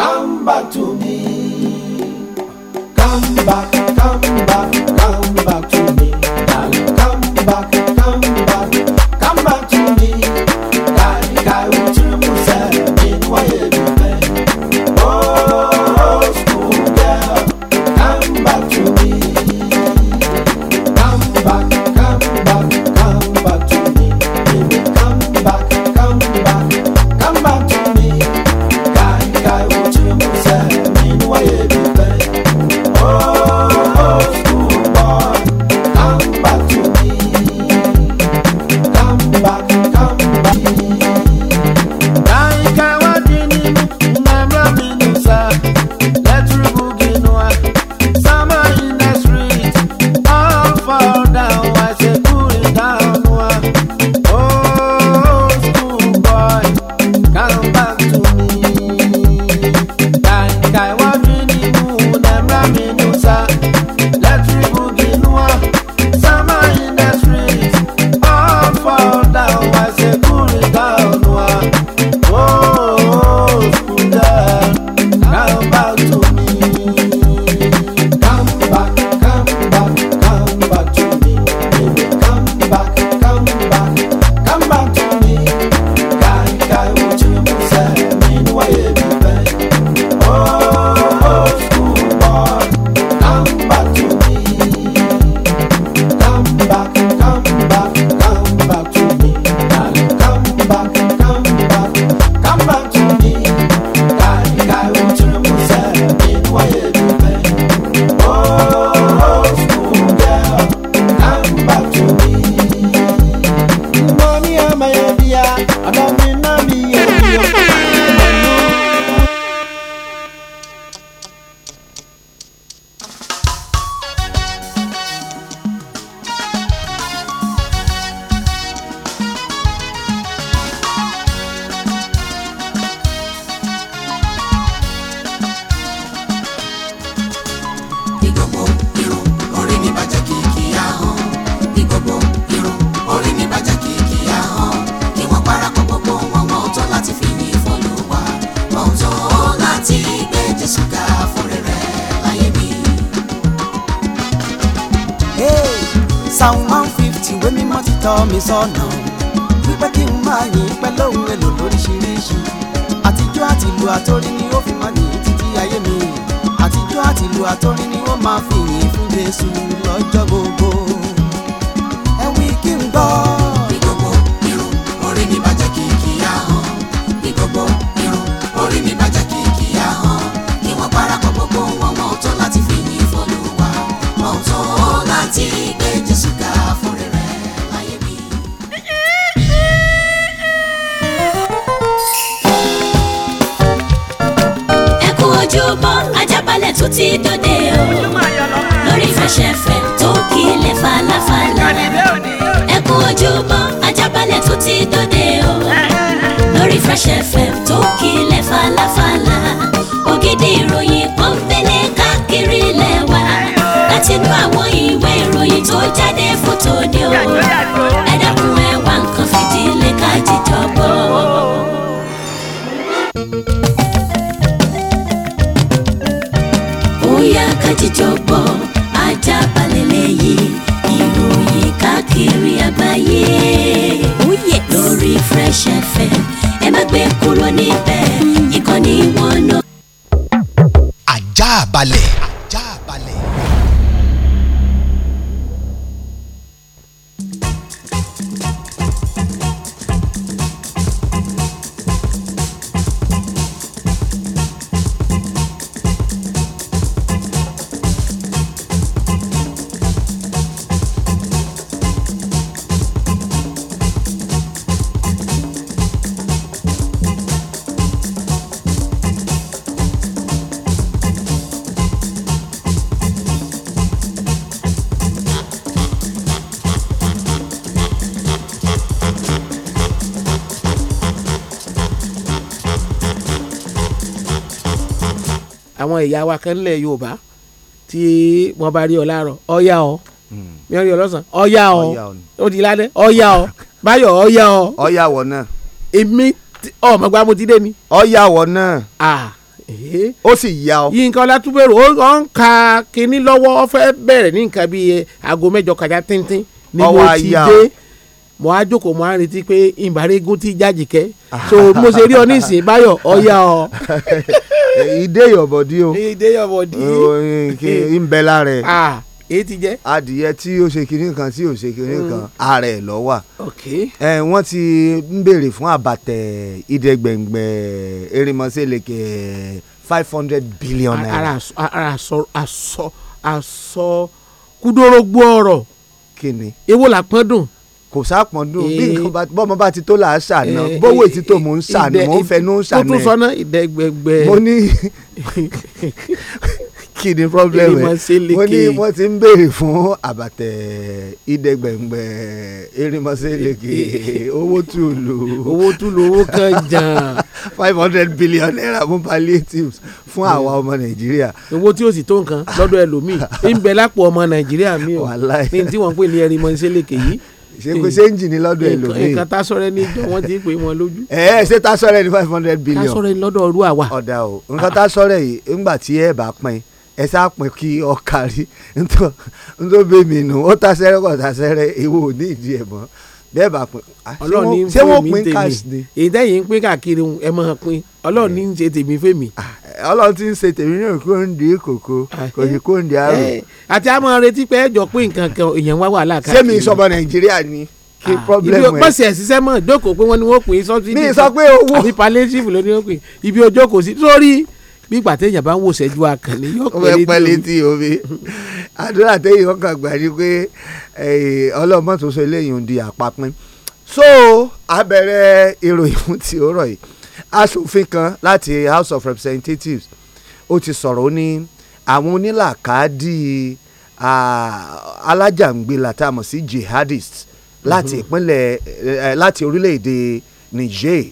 [SPEAKER 18] come back to me come back come back come back to bóyá kájíjọ́bọ̀ ajá balẹ̀ lẹ́yìn ìròyìn káàkiri àgbáyé. Oh yes. lórí Fresh FM ẹ má gbé kúrò níbẹ̀ ìkànnì 101.
[SPEAKER 14] ajá balẹ̀.
[SPEAKER 15] ìyá wa kan lẹ̀ Yorùbá tí wọ́n bá rí ọ láàárọ̀ ọ̀yá ọ mi ò rí ọ lọ́sàn ọ̀yá ọ ó di ládẹ́ ọ̀yá ọ báyọ̀ ọ̀yá ọ. ọ̀yá wọ̀ náà. èmi ọmọ gba mo ti dé ni. ọ̀yá wọ̀ náà. ó sì yá ọ. Yínká Ọlátúbẹ̀rù ó ń ka kinní lọ́wọ́ ó fẹ́ bẹ̀rẹ̀ ní nǹkan bíi aago mẹ́jọ kàjá tíntín ni mo ti dé mo á jókòó mo á retí pé ìbárégún ti jájìkẹ́ ah. so mo ṣe rí ọ nísìnyí báyọ̀ ọ̀yà ọ.
[SPEAKER 12] ìdè yọ̀bọ̀dí o ìdè yọ̀bọ̀dí ń bẹ lára ẹ̀ ah, èyí ti jẹ́. adìyẹ tí ó ṣe kinní kan tí ó ṣe kinní mm. kan ààrẹ lọ wà. ẹ wọ́n ti ń béèrè fún àbàtẹ ìdẹ́gbẹ̀ngbẹ̀ erimọ́sẹ̀lẹ̀kẹ̀ five hundred billion naira.
[SPEAKER 15] ara àsọ àsọ àsọ
[SPEAKER 12] kúdórógbó ọ̀rọ̀. kini ewo èwo làpọ́n dùn kò sápọ̀ndún bí eh. nǹkan bọ́mọ bá ti tó là á ṣàná bówó ti tó eh, mò ń ṣàná mò ń fẹnu ń ṣàná. tó tún fọnà
[SPEAKER 15] ìdẹ́gbẹ̀gbẹ̀. mo ní
[SPEAKER 12] kí ni problem ẹ mo ní wọ́n ti ń béèrè fún àbàtẹ̀ ìdẹ́gbẹ̀gbẹ̀ erimọ́sẹ́lẹ̀kì owó tùlù. owó tùlù owó kan jàn. five hundred billion naira fún
[SPEAKER 15] palliatives fún eh. àwa ọmọ nàìjíríà. owó tí ó sì tó nǹkan lọ́dọ̀ ẹlòmíì ń bẹ lápò ọmọ
[SPEAKER 12] nàìjíríà mi ò ní tí wọ́n pè ní erimọ́sẹ́lẹ̀kì yìí ṣe kò ṣe ń jìn ní lọ́dọ̀ ẹ lómi. nǹkan
[SPEAKER 15] tasọ̀rẹ́ ní jọ wọ́n ti pè wọ́n lójú.
[SPEAKER 12] ẹ ẹ ṣe tasọ̀rẹ́ ní five hundred billion. tasọ̀rẹ́ lọ́dọ̀ ọdún àwa. ọ̀dà o nǹkan tasọ̀rẹ́ yìí ńgbà tí ẹ bá pín ẹ sá pín kí ọkàrí ntọ́ ntọ́ bẹ́ẹ̀ mi nù ó tasẹ́rẹ́ kọ́ tasẹ́rẹ́ ìwọ ò ní ìdí ẹ̀ mọ́ bẹ́ẹ̀ bá pin ah,
[SPEAKER 15] ọlọ́run ní fún mi tèmi èyí tẹ́yìn ń pín káàkiri ẹ máa pín ọlọ́run ní ń ṣe tèmi fèmí.
[SPEAKER 12] Ah, ọlọ́run ti ń ṣe tèmi náà kó ń di kòkó ah, kò sí kó ń di àrò. Eh, eh,
[SPEAKER 15] àti a máa retí pé ẹjọ pín nǹkan kan èèyàn wá wàhálà káàkiri. sẹ́mi ìsọmọ nàìjíríà
[SPEAKER 12] ni kí problem ẹ. ibi pọ̀sì
[SPEAKER 15] ẹ̀sísẹ́ mọ̀ ìjókòó pé wọ́n ní wọ́n pín sọ́sídìí àti palliative ló ní wọ́n pín ibi ojókòó sí sórí
[SPEAKER 12] bí ìgbà téèyàn bá ń wò sẹ́jú akànlé yóò pẹ́ létí omi àdúrà téèyàn kàn gbà ní pé eh, ọlọ́mọ tó sọ eléyìí ń di àpapín so abẹ́rẹ́ ìròyìn tí ó rọ̀ yìí aṣòfin kan láti House of Representatives ó ti sọ̀rọ̀ ó ní àwọn onílàkàdí alájàngbìlà tá a mọ̀ sí jihadist mhm. láti ìpínlẹ̀ eh, láti orílẹ̀-èdè Niger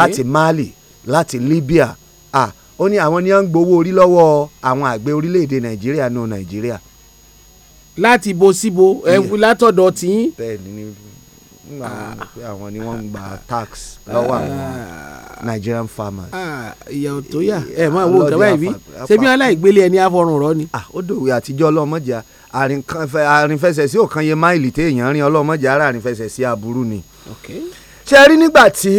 [SPEAKER 12] láti Mali láti Libya. Ah, ó ní àwọn ni wọ́n ń gbowó orí lọ́wọ́ àwọn àgbẹ̀ orílẹ̀-èdè nàìjíríà nù nàìjíríà. láti bo síbo ẹ̀fù látọ̀dọ̀ tí. bẹ́ẹ̀ni ni àwọn ni wọ́n ń gba tax lọ́wọ́ àwọn Nigerian farmers. Ah, ah, ìyàwó tó yà ẹ mọ àwọn òkè báyìí bí ṣebí aláìgbélé ẹni àfọrùn rọ ni. Ah, ó dòwe àtijọ́ ọlọ́mọjà àrìnfẹsẹ̀sí ò kan yẹ máìlì téèyàn rìn ọlọ́mọjà ara àrìnfẹsẹ̀sí aburú ni. Okay ṣe rí nígbà tí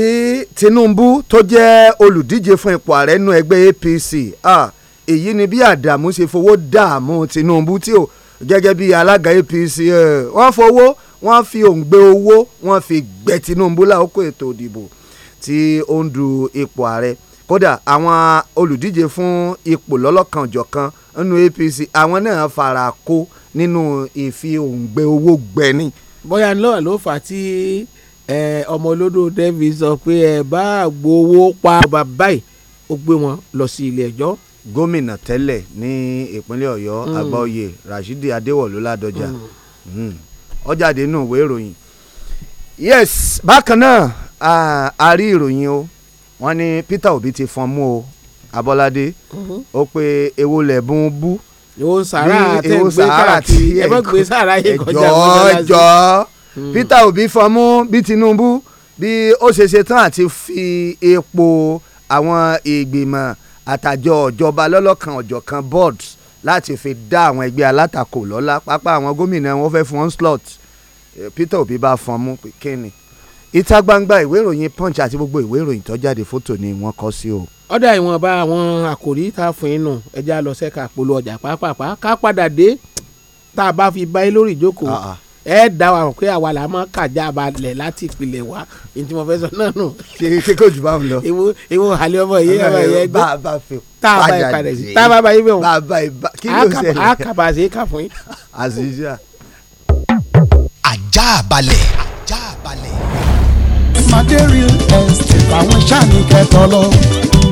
[SPEAKER 12] Tinubu tó jẹ́ olùdíje fún ipò ààrẹ nínú ẹgbẹ́ APC èyí ni bí Àdàmú ṣe fowó dààmú Tinubu tí ò gẹ́gẹ́ bí alága APC wọ́n fowó wọ́n fi òǹgbẹ owó wọ́n fi gbẹ Tinubu láòkó ètò ìdìbò tí ó ń du ipò ààrẹ kódà àwọn olùdíje fún ipò lọ́lọ́kanjọ̀kan nínú APC àwọn náà fara kó nínú ìfi òǹgbẹ owó gbẹni. bóyá náà ló fà á tí ọmọ
[SPEAKER 15] davis sọ pé ẹ bá gbowó pa ọba báyìí ó gbé wọn lọ sí
[SPEAKER 12] ilé ẹjọ́. gómìnà tẹ́lẹ̀ ní ìpínlẹ̀ ọ̀yọ́ mm. àgbáòye rashidi adéwọ̀lú ládọjà mm. Mm. ó jáde ìwé ìròyìn yes bákan náà a rí ìròyìn o wọ́n ní peter obi ti fọn mú o abọ́ládé mm-hmm. ó pe Ewu lẹ́bùn bú. ìwọ sàrà tẹ́ gbé káàkiri ẹ bá gbé sàrà yìí kọjá mọ́tò lásìkò. ẹjọ́ ẹjọ́ Mm. Peter Obi fọmú bí Tinubu bí ó ṣe ṣe tán àti fi epo àwọn ìgbìmọ̀ àtàjọ ọ̀jọba lọ́lọ́kan ọ̀jọ̀kan boards láti fi dá àwọn ẹgbẹ́ alátakò lọ́lá pápá àwọn gómìnà wọn fẹ́ fún wọn eh, Peter Obi bá fọn mú kíni ìta gbangba ìwé ìròyìn Punch àti gbogbo ìwé ìròyìn tó jáde fótò ni wọ́n kọ sí o.
[SPEAKER 15] ọ̀dà ìwọ̀nba àwọn àkòrí tá a fún inú ẹja lọ sẹ́ka polówó ọjà pàápàá ká padà dé tá a bá fi báyé lórí ìjókòó ah, ah ẹ dá wa pé àwa là máa kàjá balẹ̀ láti ìpìlẹ̀ wa ní mo fẹ́ sọ náà nù. ṣe ṣe kò jù bá mi lọ. ewu ewu àlẹ́ ọmọ yìí ọmọ yìí gbé
[SPEAKER 12] tá a bá yìí padà sí tá a bá yìí bẹ̀
[SPEAKER 15] wọ́n a kàbà sí i kà fún yín.
[SPEAKER 12] àṣìṣe.
[SPEAKER 16] ajá balẹ̀. ajá balẹ̀. madé real estate àwọn sáà ní kẹtọ lọ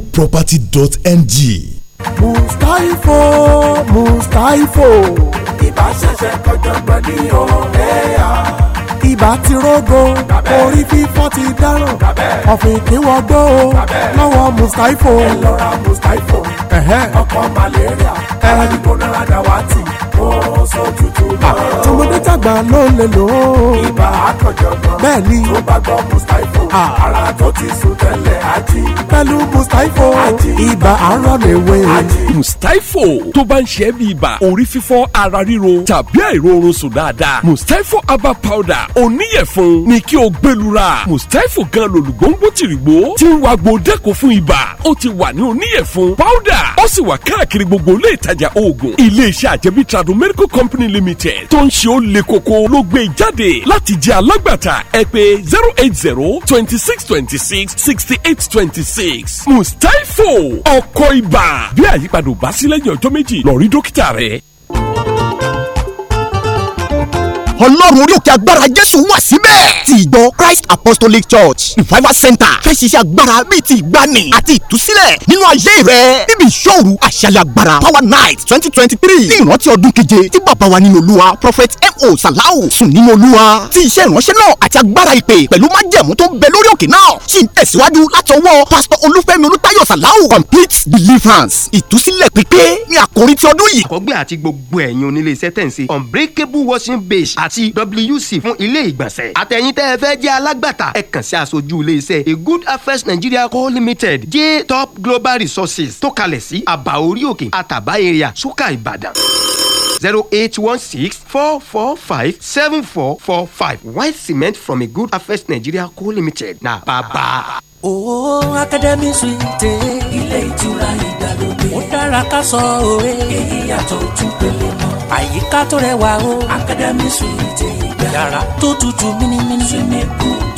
[SPEAKER 9] Property.ng.
[SPEAKER 16] mustaifo mustaifo ibà ṣẹ̀ṣẹ̀
[SPEAKER 14] kọjọ́gbọ́n ní ọ̀rẹ́ à. ibà ti rógo orí fífọ́ ti
[SPEAKER 16] dáràn ọ̀fìn ìkínwọ́gbọ́ o lọ́wọ́ mustaifo. ẹ lọ mustaifo ọkọ̀ malaria ara gbígbóná radawati ó sọ tutù náà. Ah, tọmọdé tàgbà ló lè lò ó. ibà àkànjọ̀gbọ́n tó bá gbọ́ mustaifo
[SPEAKER 14] ara ah. tó ti sùn tẹ́lẹ̀ ají. pẹ̀lú mustapho ibà ara
[SPEAKER 9] lè wé. mustapho tó bá ń ṣe é bí ibà orí fífọ́ ara ríro tàbí àìróorun sùn dáadáa mustapho herbal powder oníyẹ̀fun ni kí o gbẹlura mustapho gan lòlùgbòǹgbò tìrìgbò tí ń wa gbòdẹ́kọ̀ fún ibà ó ti wà ní oníyẹ̀fun powder ó sì wà káàkiri gbogbo ilé ìtajà oògùn iléeṣẹ́ àjẹbí tradu medical company limited tó ń ṣe ó le koko ló gbé e jáde láti jẹ́ alágbàtà ẹ pè zero eight zero twenty twenty-six twenty-six sixty-eight twenty-six mustapho ọkọ̀ ibà bí àyípadà ò bá sí lẹ́yìn ọjọ́ méjì lọ rí dókítà rẹ.
[SPEAKER 7] ọlọ́run orí òkè agbára jésù wà síbẹ̀. ti ìjọ christ apostolic church revival center fẹ́ ṣiṣẹ́ agbára bíi ti ìgbani àti ìtúsílẹ̀ nínú ayé rẹ̀ níbi
[SPEAKER 8] ìṣòro àṣàlẹ̀ agbára power night twenty twenty three ní ìrántí ọdún keje tí bàbá wa nínú olúwa prophet mo salau sùn nínú olúwa tí iṣẹ́ ìránṣẹ́ náà àti agbára ìpè pẹ̀lú májẹ̀mú tó ń bẹ lórí òkè náà sì ń tẹ̀síwájú láti ọwọ́ pásítọ̀ olúfẹ́mi olútayọ̀ salau complete deliverance ìtúsílẹ̀ pípé ní àkórí ti ọdún yìí. àkọgbẹ́ àti gbogbo ẹ̀yin onílé iṣẹ́ tẹ̀sí unbreakable washing base àti WC fún ilé ìgbọ̀nsẹ̀. àtẹ̀yìn tẹ́ ẹ fẹ́ jẹ́ alágbàtà ẹ kàn sí aṣojú ilé A Good Affairs Nigeria Co Limited J Top Global Resources tó kalẹ̀ sí àbá orí òkè àtàbá area Súkà Ìbàdàn zero eight one six four four five seven four four five white cement from a good affairs nigeria co limited na baba.
[SPEAKER 14] Oo oh, Academy Suite. Ilé ìtura ìgbàlódé. Ó dára ká sọ òwe. Èyí yàtọ̀ ojú pele àyíká tó rẹwà o. academy suite ìgbà yàrá tó tutù mímímí. swimming pool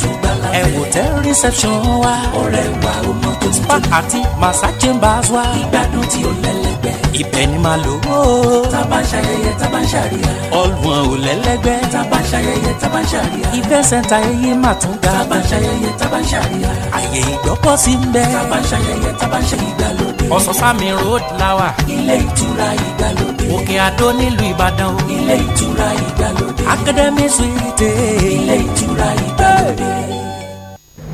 [SPEAKER 14] ẹ wò tẹ́ reception wa. ọ̀rẹ́ wa ó mọ tó ti tó. spa àti massa chambers wa. ìgbádùn tí ó lẹ́lẹ́gbẹ́. ibẹ̀ ni màá lò ó. tá a bá ń ṣayẹyẹ tá a bá ń ṣàríyá. ọlùwọ̀n ò lẹ́lẹ́gbẹ́. tá a bá ń ṣayẹyẹ tá a bá ń ṣàríyá. ìfẹ́ sẹ́ńtà ẹyẹ mà tún ga. tá a bá ń ṣayẹyẹ tá a bá ń ṣàríyá. àyè ìgbọ́pọ̀ sí ń bẹ. tá a bá ń ṣayẹyẹ tá a ṣe ìgbàlódé. ọ̀sánsámi road lawa. ilé ìtura ìgbàlódé. òkè àdó nílùú ìbàdàn ilé ìtura ìgbàlódé. academy suite. ilé ìtura ìgbàlódé.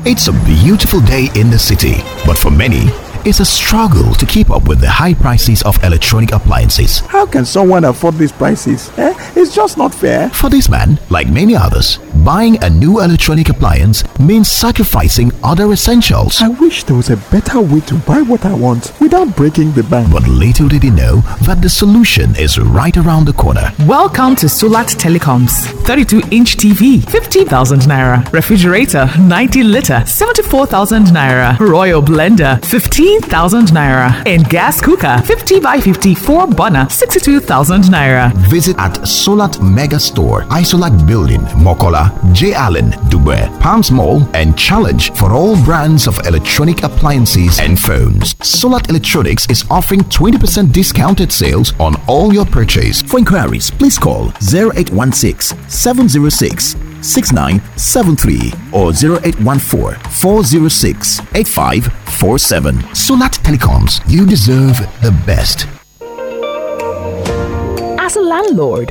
[SPEAKER 8] It's a beautiful day in the city, but for many, it's a struggle to keep up with the high prices of electronic appliances.
[SPEAKER 9] How can someone afford these prices? Eh? It's just
[SPEAKER 8] not fair. For this man, like many others, Buying a new electronic appliance means sacrificing other essentials. I wish there was a better way to buy what I want without breaking the
[SPEAKER 6] bank. But little did he know that the solution is right around the corner. Welcome to Sulat Telecoms. 32 inch TV, 15,000 naira. Refrigerator, 90 liter, 74,000 naira. Royal blender, 15,000 naira. And gas cooker, 50 by 54 burner, 62,000 naira. Visit at Solat
[SPEAKER 8] Mega Store, Isolat Building, Mokola. J. Allen, Dubai, Palms Mall, and Challenge for all brands of electronic appliances and phones. Solat Electronics is offering 20% discounted sales on all your purchase. For inquiries, please call 0816 706 6973 or 0814 406 8547. Solat Telecoms, you deserve the best.
[SPEAKER 6] As a landlord,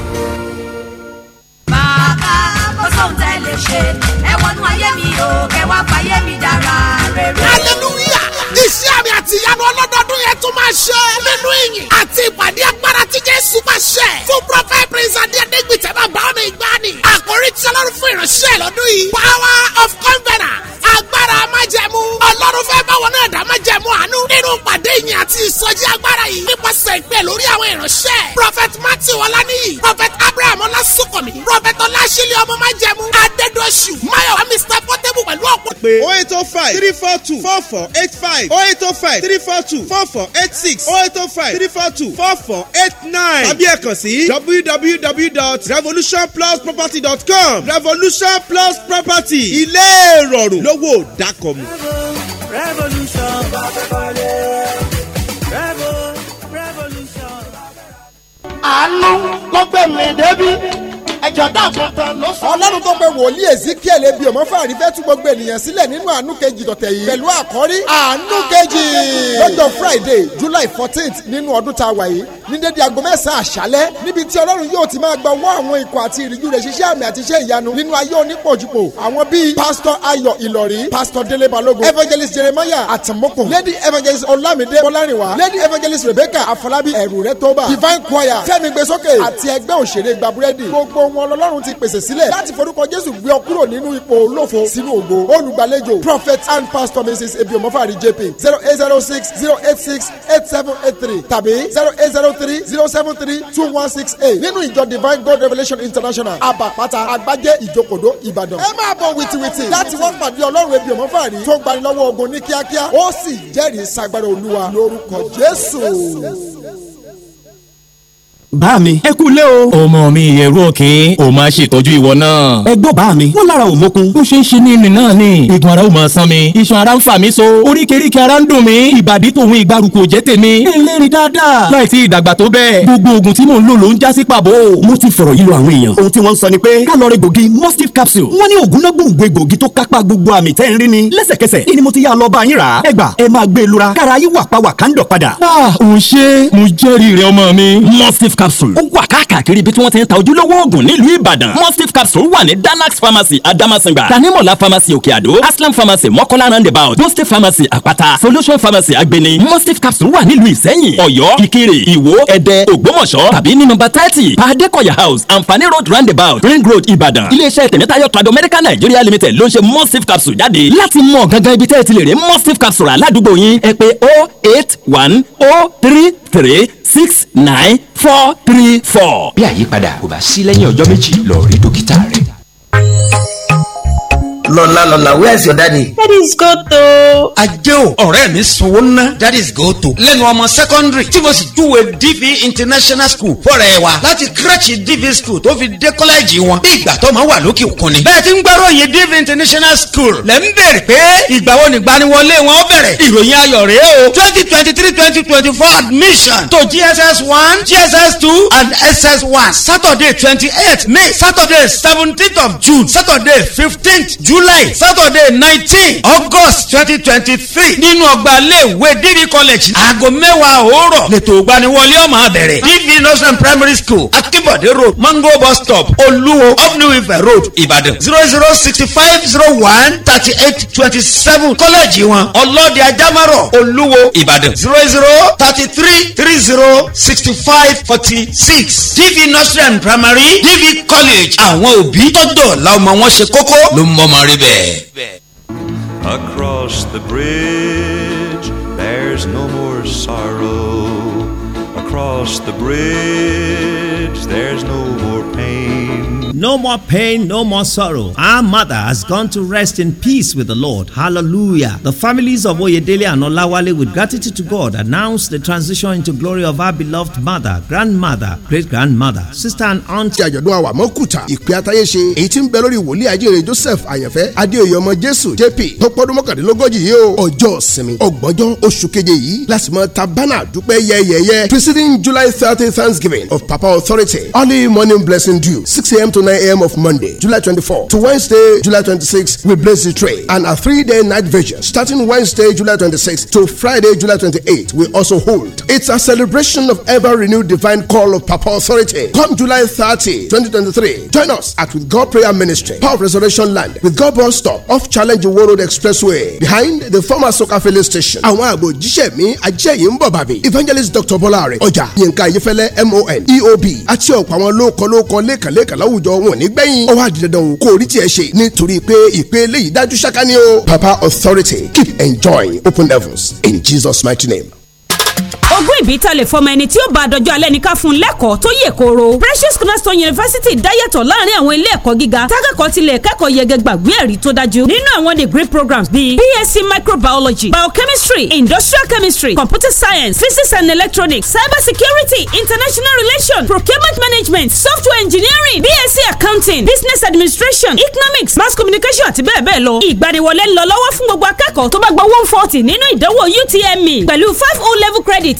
[SPEAKER 14] rere. hallelujah iṣẹ́ àmì àti ìyanu ọlọ́dọọdún yẹn tún máa ṣe nínú ìyìn àti ìpàdé agbára tí jésù máa ṣe fún prophet prince adé adégbìtẹ́ bàbá ọ̀nà ìgbani ti ọlọ́run fún ìránṣẹ́ lọ́dún yìí. power of covenant agbára májẹ̀mú ọlọ́run fẹ́ báwọn náà dá májẹ̀mú àánú nínú pàdé yìí àti ìsọjí agbára yìí nípasẹ̀ ìpè lórí àwọn ìránṣẹ́. prophet matthew ọláníyì prophet abraham ọlásùnkànmí prophet ọlásílẹ̀ ọmọ májẹ̀mú adédọ́sù mayowa
[SPEAKER 16] mr portable pẹ̀lú ọ̀pọ̀. pé o oh eight oh five three four two four four eight five o oh eight oh five three four two four four eight six o oh eight oh five three four two four four eight nine tàbí ẹ kàn sí www.revolutionplusproperty.com revolution revolution plus property ilé ìrọ̀rùn lówó dákọ̀mù.
[SPEAKER 18] revolution revolution.
[SPEAKER 16] àánú ló gbẹ̀mí débi ẹjọ dáàbò tán ọlọ́run tó pe wòlíì ezekiel ebi òmò fàárí fẹ́ tún gbogbo ènìyàn sílẹ̀ nínú àánú kejì tọ̀tẹ̀ yìí pẹ̀lú àkọ́rí àánú kejì. lọ́jọ́ friday july fourteenth nínú ọdún tá a wà yìí ní dédé aago mẹ́sàn-án àṣálẹ́ níbi tí ọlọ́run yóò ti máa gba ọwọ́ àwọn ikọ̀ àti ìrìjú rẹ̀ ṣiṣẹ́ àmì àti iṣẹ́ ìyanu nínú ayé onípòjúpò àwọn bíi pastor ayọ̀ ìlọ̀rí pastor délé balógun evangelist jeremiah àtàmókò lady evangelist olamide bọ́lárìnwá lady evangelist rebecca afọlábí ẹ̀rù rẹ̀ tó bá divine choir fẹ́mi gbèsókè àti ẹgbẹ́ òṣèré gbaburẹ́dì gbogbo wọn lọ́lọ́run ti pèsè sílẹ̀ láti forúkọ jésù gbé ọ kúrò nínú ipò olófo sínú ògo olùgbàlejò prophet and pastor mrs ebiomofari jp zero eight zero six zero eight six eight seven eight three tàbí zero eight zero three zero seven three two one six eight nínú ìjọ divine god revelation international abapata agbájé ìjókòdó ìbàdàn. ẹ máa bọ̀ wìtìwìtì láti wọ́n pàdé ọlọ́run ebiomofari tó gbanilọ́wọ́ ogun ní kíákíá ó sì jẹ́rìí sagbára olúwa lórúkọ jésù. jésù
[SPEAKER 8] bá mi. ẹ kú o. ọmọ mi ìyẹ̀rú òkè o máa ṣètọ́jú ìwọ náà. ẹ gbọ́ bá mi. wọ́n lára ò mókun. ó ṣe ń ṣe ní ìrìn náà ni. igun ara ò máa san mi. iṣan ara ń fà mí so. oríkèéríkè ara ń dùn mí. ìbàdí tòun ìgbàrúkọ jẹ́ tèmi. eléyìí dáadáa. láì tí ìdàgbà tó bẹ́ẹ̀. gbogbo oògùn tí mò ń lò ló ń já sí pàbó.
[SPEAKER 17] mo ti fọ̀rọ̀ yí lọ àwọn èèyàn. ohun tí wọ́n sọ ni pé kálọ̀rì gbòógì mustif capsule. wọ́n ní oògùn náà gbòǹgbò egbòogi ni. lẹ́sẹ̀kẹsẹ̀ ìní mo ti yá lọ bá e lura. kára yí wà pa ah òun ṣe mo jẹ́rìí capsule ó wà káàkiri ibi tí wọ́n ti ń ta ojúlówó oògùn nílùú Ìbàdàn mustif capsule wà ní danax pharmacy adamasingba tanimola pharmacy òkè àdó aslam pharmacy mọ́kọ́lá roundabout mustif pharmacy àpáta solution pharmacy agbeni mustif capsule wà nílùú Ìsẹ́yìn Ọ̀yọ́ Ìkirè Ìwó Ẹdẹ Ògbómọ̀ṣọ́ tàbí ní nọ́mbà thirty Adékọ̀yà house Anfani road roundabout ring road Ìbàdàn iléeṣẹ́ tẹ̀mẹ́tayọ̀ trado medical Nigeria limited ló ń ṣe capsule jáde láti mọ̀ gangan ibi tẹ́ ẹ capsule aládùúgbò yín oh eight one oh three three six nine four three four. bí àyípadà kò bá sí lẹ́yìn ọjọ́ méjì lọ rí dókítà rẹ lọ́la lọ́la where is your daddy. that is goto. ajé o ọ̀rẹ́ mi sanwó ná that is goto. lẹ́nu ọmọ secondary tí mo sì júwe dv international school fọ́rẹ̀ wa láti kírẹ́ẹ̀tì dv school tó fi dé kọ́lẹ́ẹ̀jì wọn bí ìgbà tó máa wà lókè òkun ni. bẹ́ẹ̀ ti ń gbọ́rọ̀ yìí dv international school lẹ́ ń bèrè pé ìgbà wo nìgbaniwọlé wọn bẹ̀rẹ̀ ìròyìn ayọ̀ rèé o twenty twenty three twenty twenty four admission to gss one gss two and ss one saturday twenty eight may saturday seventeenth of june saturday fifteenth june july saturday nineteen august twenty twenty three nínú ọgbà iléèwé dìrì college aago mẹ́wàá òórọ̀ lẹ́tọ̀ ògbaniwọlé ọmọ abẹ̀rẹ̀ dìrì Adidi Nursery Primary School, Akibode Road, Mango Bus Stop, Oluwo, Ovni Ife Road, Ibadan. zero zero sixty five zero one thirty eight twenty seven kọ́lẹ́ẹ̀jì wọn ọlọ́dẹ ajámárọ̀ Olúwo Ìbàdàn zero zero thirty three three zero sixty five forty six DV nursery primary DV college àwọn òbí tọ́jọ́ làwọn ọmọ wọn ṣe kókó ló ń mọ́mọ́
[SPEAKER 2] rí bẹ́ẹ̀. Across the bridge there's no more sorrow. Cross the bridge, there's no
[SPEAKER 17] No more pain, no more sorrow. Our mother has gone to rest in peace with the Lord. Hallelujah. The families of Oyedele and Olawale, with gratitude to God, announce the transition into glory of our beloved mother, grandmother, great grandmother,
[SPEAKER 19] sister and aunt. ti àjọ̀dún àwọn àmọ́ kùtà ìpè àtàyè ṣe èyí tí ń bẹ lórí wòlíì ajíire Joseph àyànfẹ́ adéoyè ọmọ Jésù JP tó pọ́dún mọ́kàndínlógójì yìí o ọjọ́ sinmi ọgbọ́njọ́ oṣù keje yìí láti mọ tabana dúpẹ́ yẹ́yẹ́yẹ́ preceding July thirty Thanksgiving of Papa Authority early morning blessing due six a.m. to nine a.m. of Monday, July 24 to Wednesday, July 26 we bless the trail and a three-day night vision starting Wednesday, July 26 to Friday, July 28 we also hold. It's a celebration of ever-renewed divine call of papal authority. Come July 30, 2023, join us at With God Prayer Ministry, Power of Resurrection Land, With God Bus Stop off Challenge World Road Expressway behind the former Soka filling station. Àwọn àgbò jíṣẹ́ mi ajẹ́yìí ń bọ̀ bàbí. Evangelist Dr. Bọ́láre ọjà Yínká Ayéfẹ́lẹ́ MON EOB àti ọ̀pọ̀ àwọn lóko lóko lẹ́kànlẹ́kàn láwùjọ òun ní gbẹ̀yìn ó wá òun kó orí tiẹ̀ ṣe nítorí pé ìpè eléyìí dájú ṣáká ni o. Papa Authority keep enjoying open heavens in Jesus' mighty name
[SPEAKER 4] ogún ìbítalẹ̀ fọmọ ẹni tí ó bá àdọ́jọ́ alẹ́ ní ká fún lẹ́kọ̀ọ́ tó yè kóró. Precious Cornerstone University dáyàtọ̀ láàrin àwọn ilé ẹ̀kọ́ gíga tákàkọ́ tilẹ̀ kẹ́kọ̀ọ́ yege gbàgbé ẹ̀rí tó dájú nínú àwọn degree programs bíi BSc microbiology biochemistry industrial chemistry computer science physics and electronics cyber security international relations procurement management software engineering BSc accounting business administration economics mass communication àti bẹ́ẹ̀ bẹ́ẹ̀ lọ. ìgbaniwọlé ń lọ lọ́wọ́ fún gbogbo akẹ́kọ̀ọ́ tó bá gba one forty nínú ìdánwò UTME pẹ̀lú five o level credit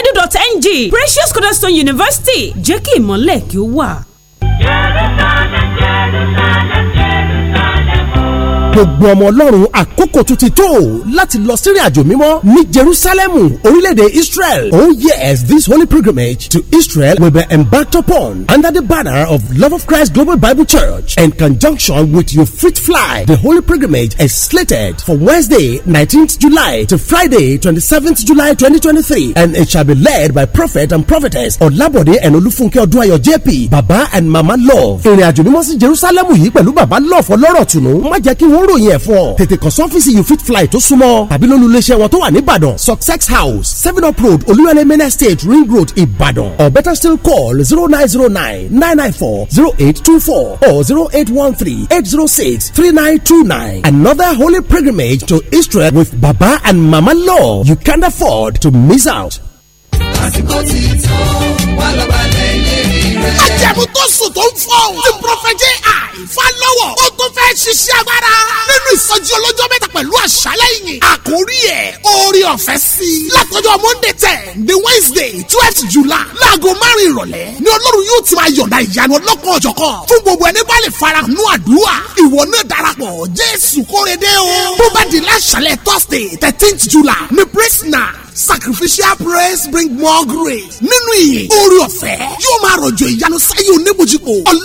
[SPEAKER 4] edu.ng Precious Cornerstone University jẹ́ kí ìmọ̀lẹ̀ kí ó wà. Jerusalem, Jerusalem.
[SPEAKER 8] gbogbo ọmọ ọlọ́run àkókò tún ti tó láti lọ sírìn àjò mímọ́ ní jerusalemu orílẹ̀-èdè israel oh yes this holy pilgrimage to israel will be embarked upon under the banner of love of christ global bible church in conjunction with your fit fly the holy pilgrimage is slated for wednesday 19th july to friday 27th july 2023 and it shall be led by prophet and prophetess olabode and olufunke oduayo jp baba and mama love ìrìn àjò mímọ́ sí jerusalemu yìí pẹ̀lú baba love ọlọ́rọ̀ tùnú má jẹ́ kí wọ́n ròyìn ẹ̀ fún ọ tètè kàn sọ́fíìsì you fit fly tó súnmọ́ tàbí lólu iléeṣẹ́ wọn tó wà ní Ìbàdàn success house seven up road olúyọlé main estate ring road Ìbàdàn or better still call zero nine zero nine nine nine four zero eight two four or zero eight one three eight zero six three nine two nine another holy pilgrimage to Israel with Baba and Mama Law you can't afford to miss out.
[SPEAKER 14] àsìkò tí wà Ajẹ̀mú tó sùn tó ń fọ́ o. Ti Prọfẹ̀jì Àìfá lọ́wọ́. Ó tún fẹ́ ṣiṣẹ́ agbára. Nínú ìsọjí ọlọ́jọ́ mẹ́ta pẹ̀lú àṣálẹ́ yìí. Àkórí ẹ̀ orí ọ̀fẹ́ sí. Látọjọ́ Monday ten the Wednesday twelfth July. Láago márùn-ún ìrọ̀lẹ́ ni Ọlọ́run yóò ti máa yọ̀ǹda ìyanu ọlọ́kan ọ̀jọ̀kan. Fún gbogbo ẹni bá lè fara nú àdúrà. Ìwọ náà darapọ̀ Jésù kórede o. Bó bá di láṣálẹ̀ Thursday thirteenth July ni praise night sacrificial praise bring more grace nínú ìyìn oore ọ̀fẹ́ yóò máa rọ̀jò ìyanu sáyé oníbojúpo
[SPEAKER 20] ọlọ́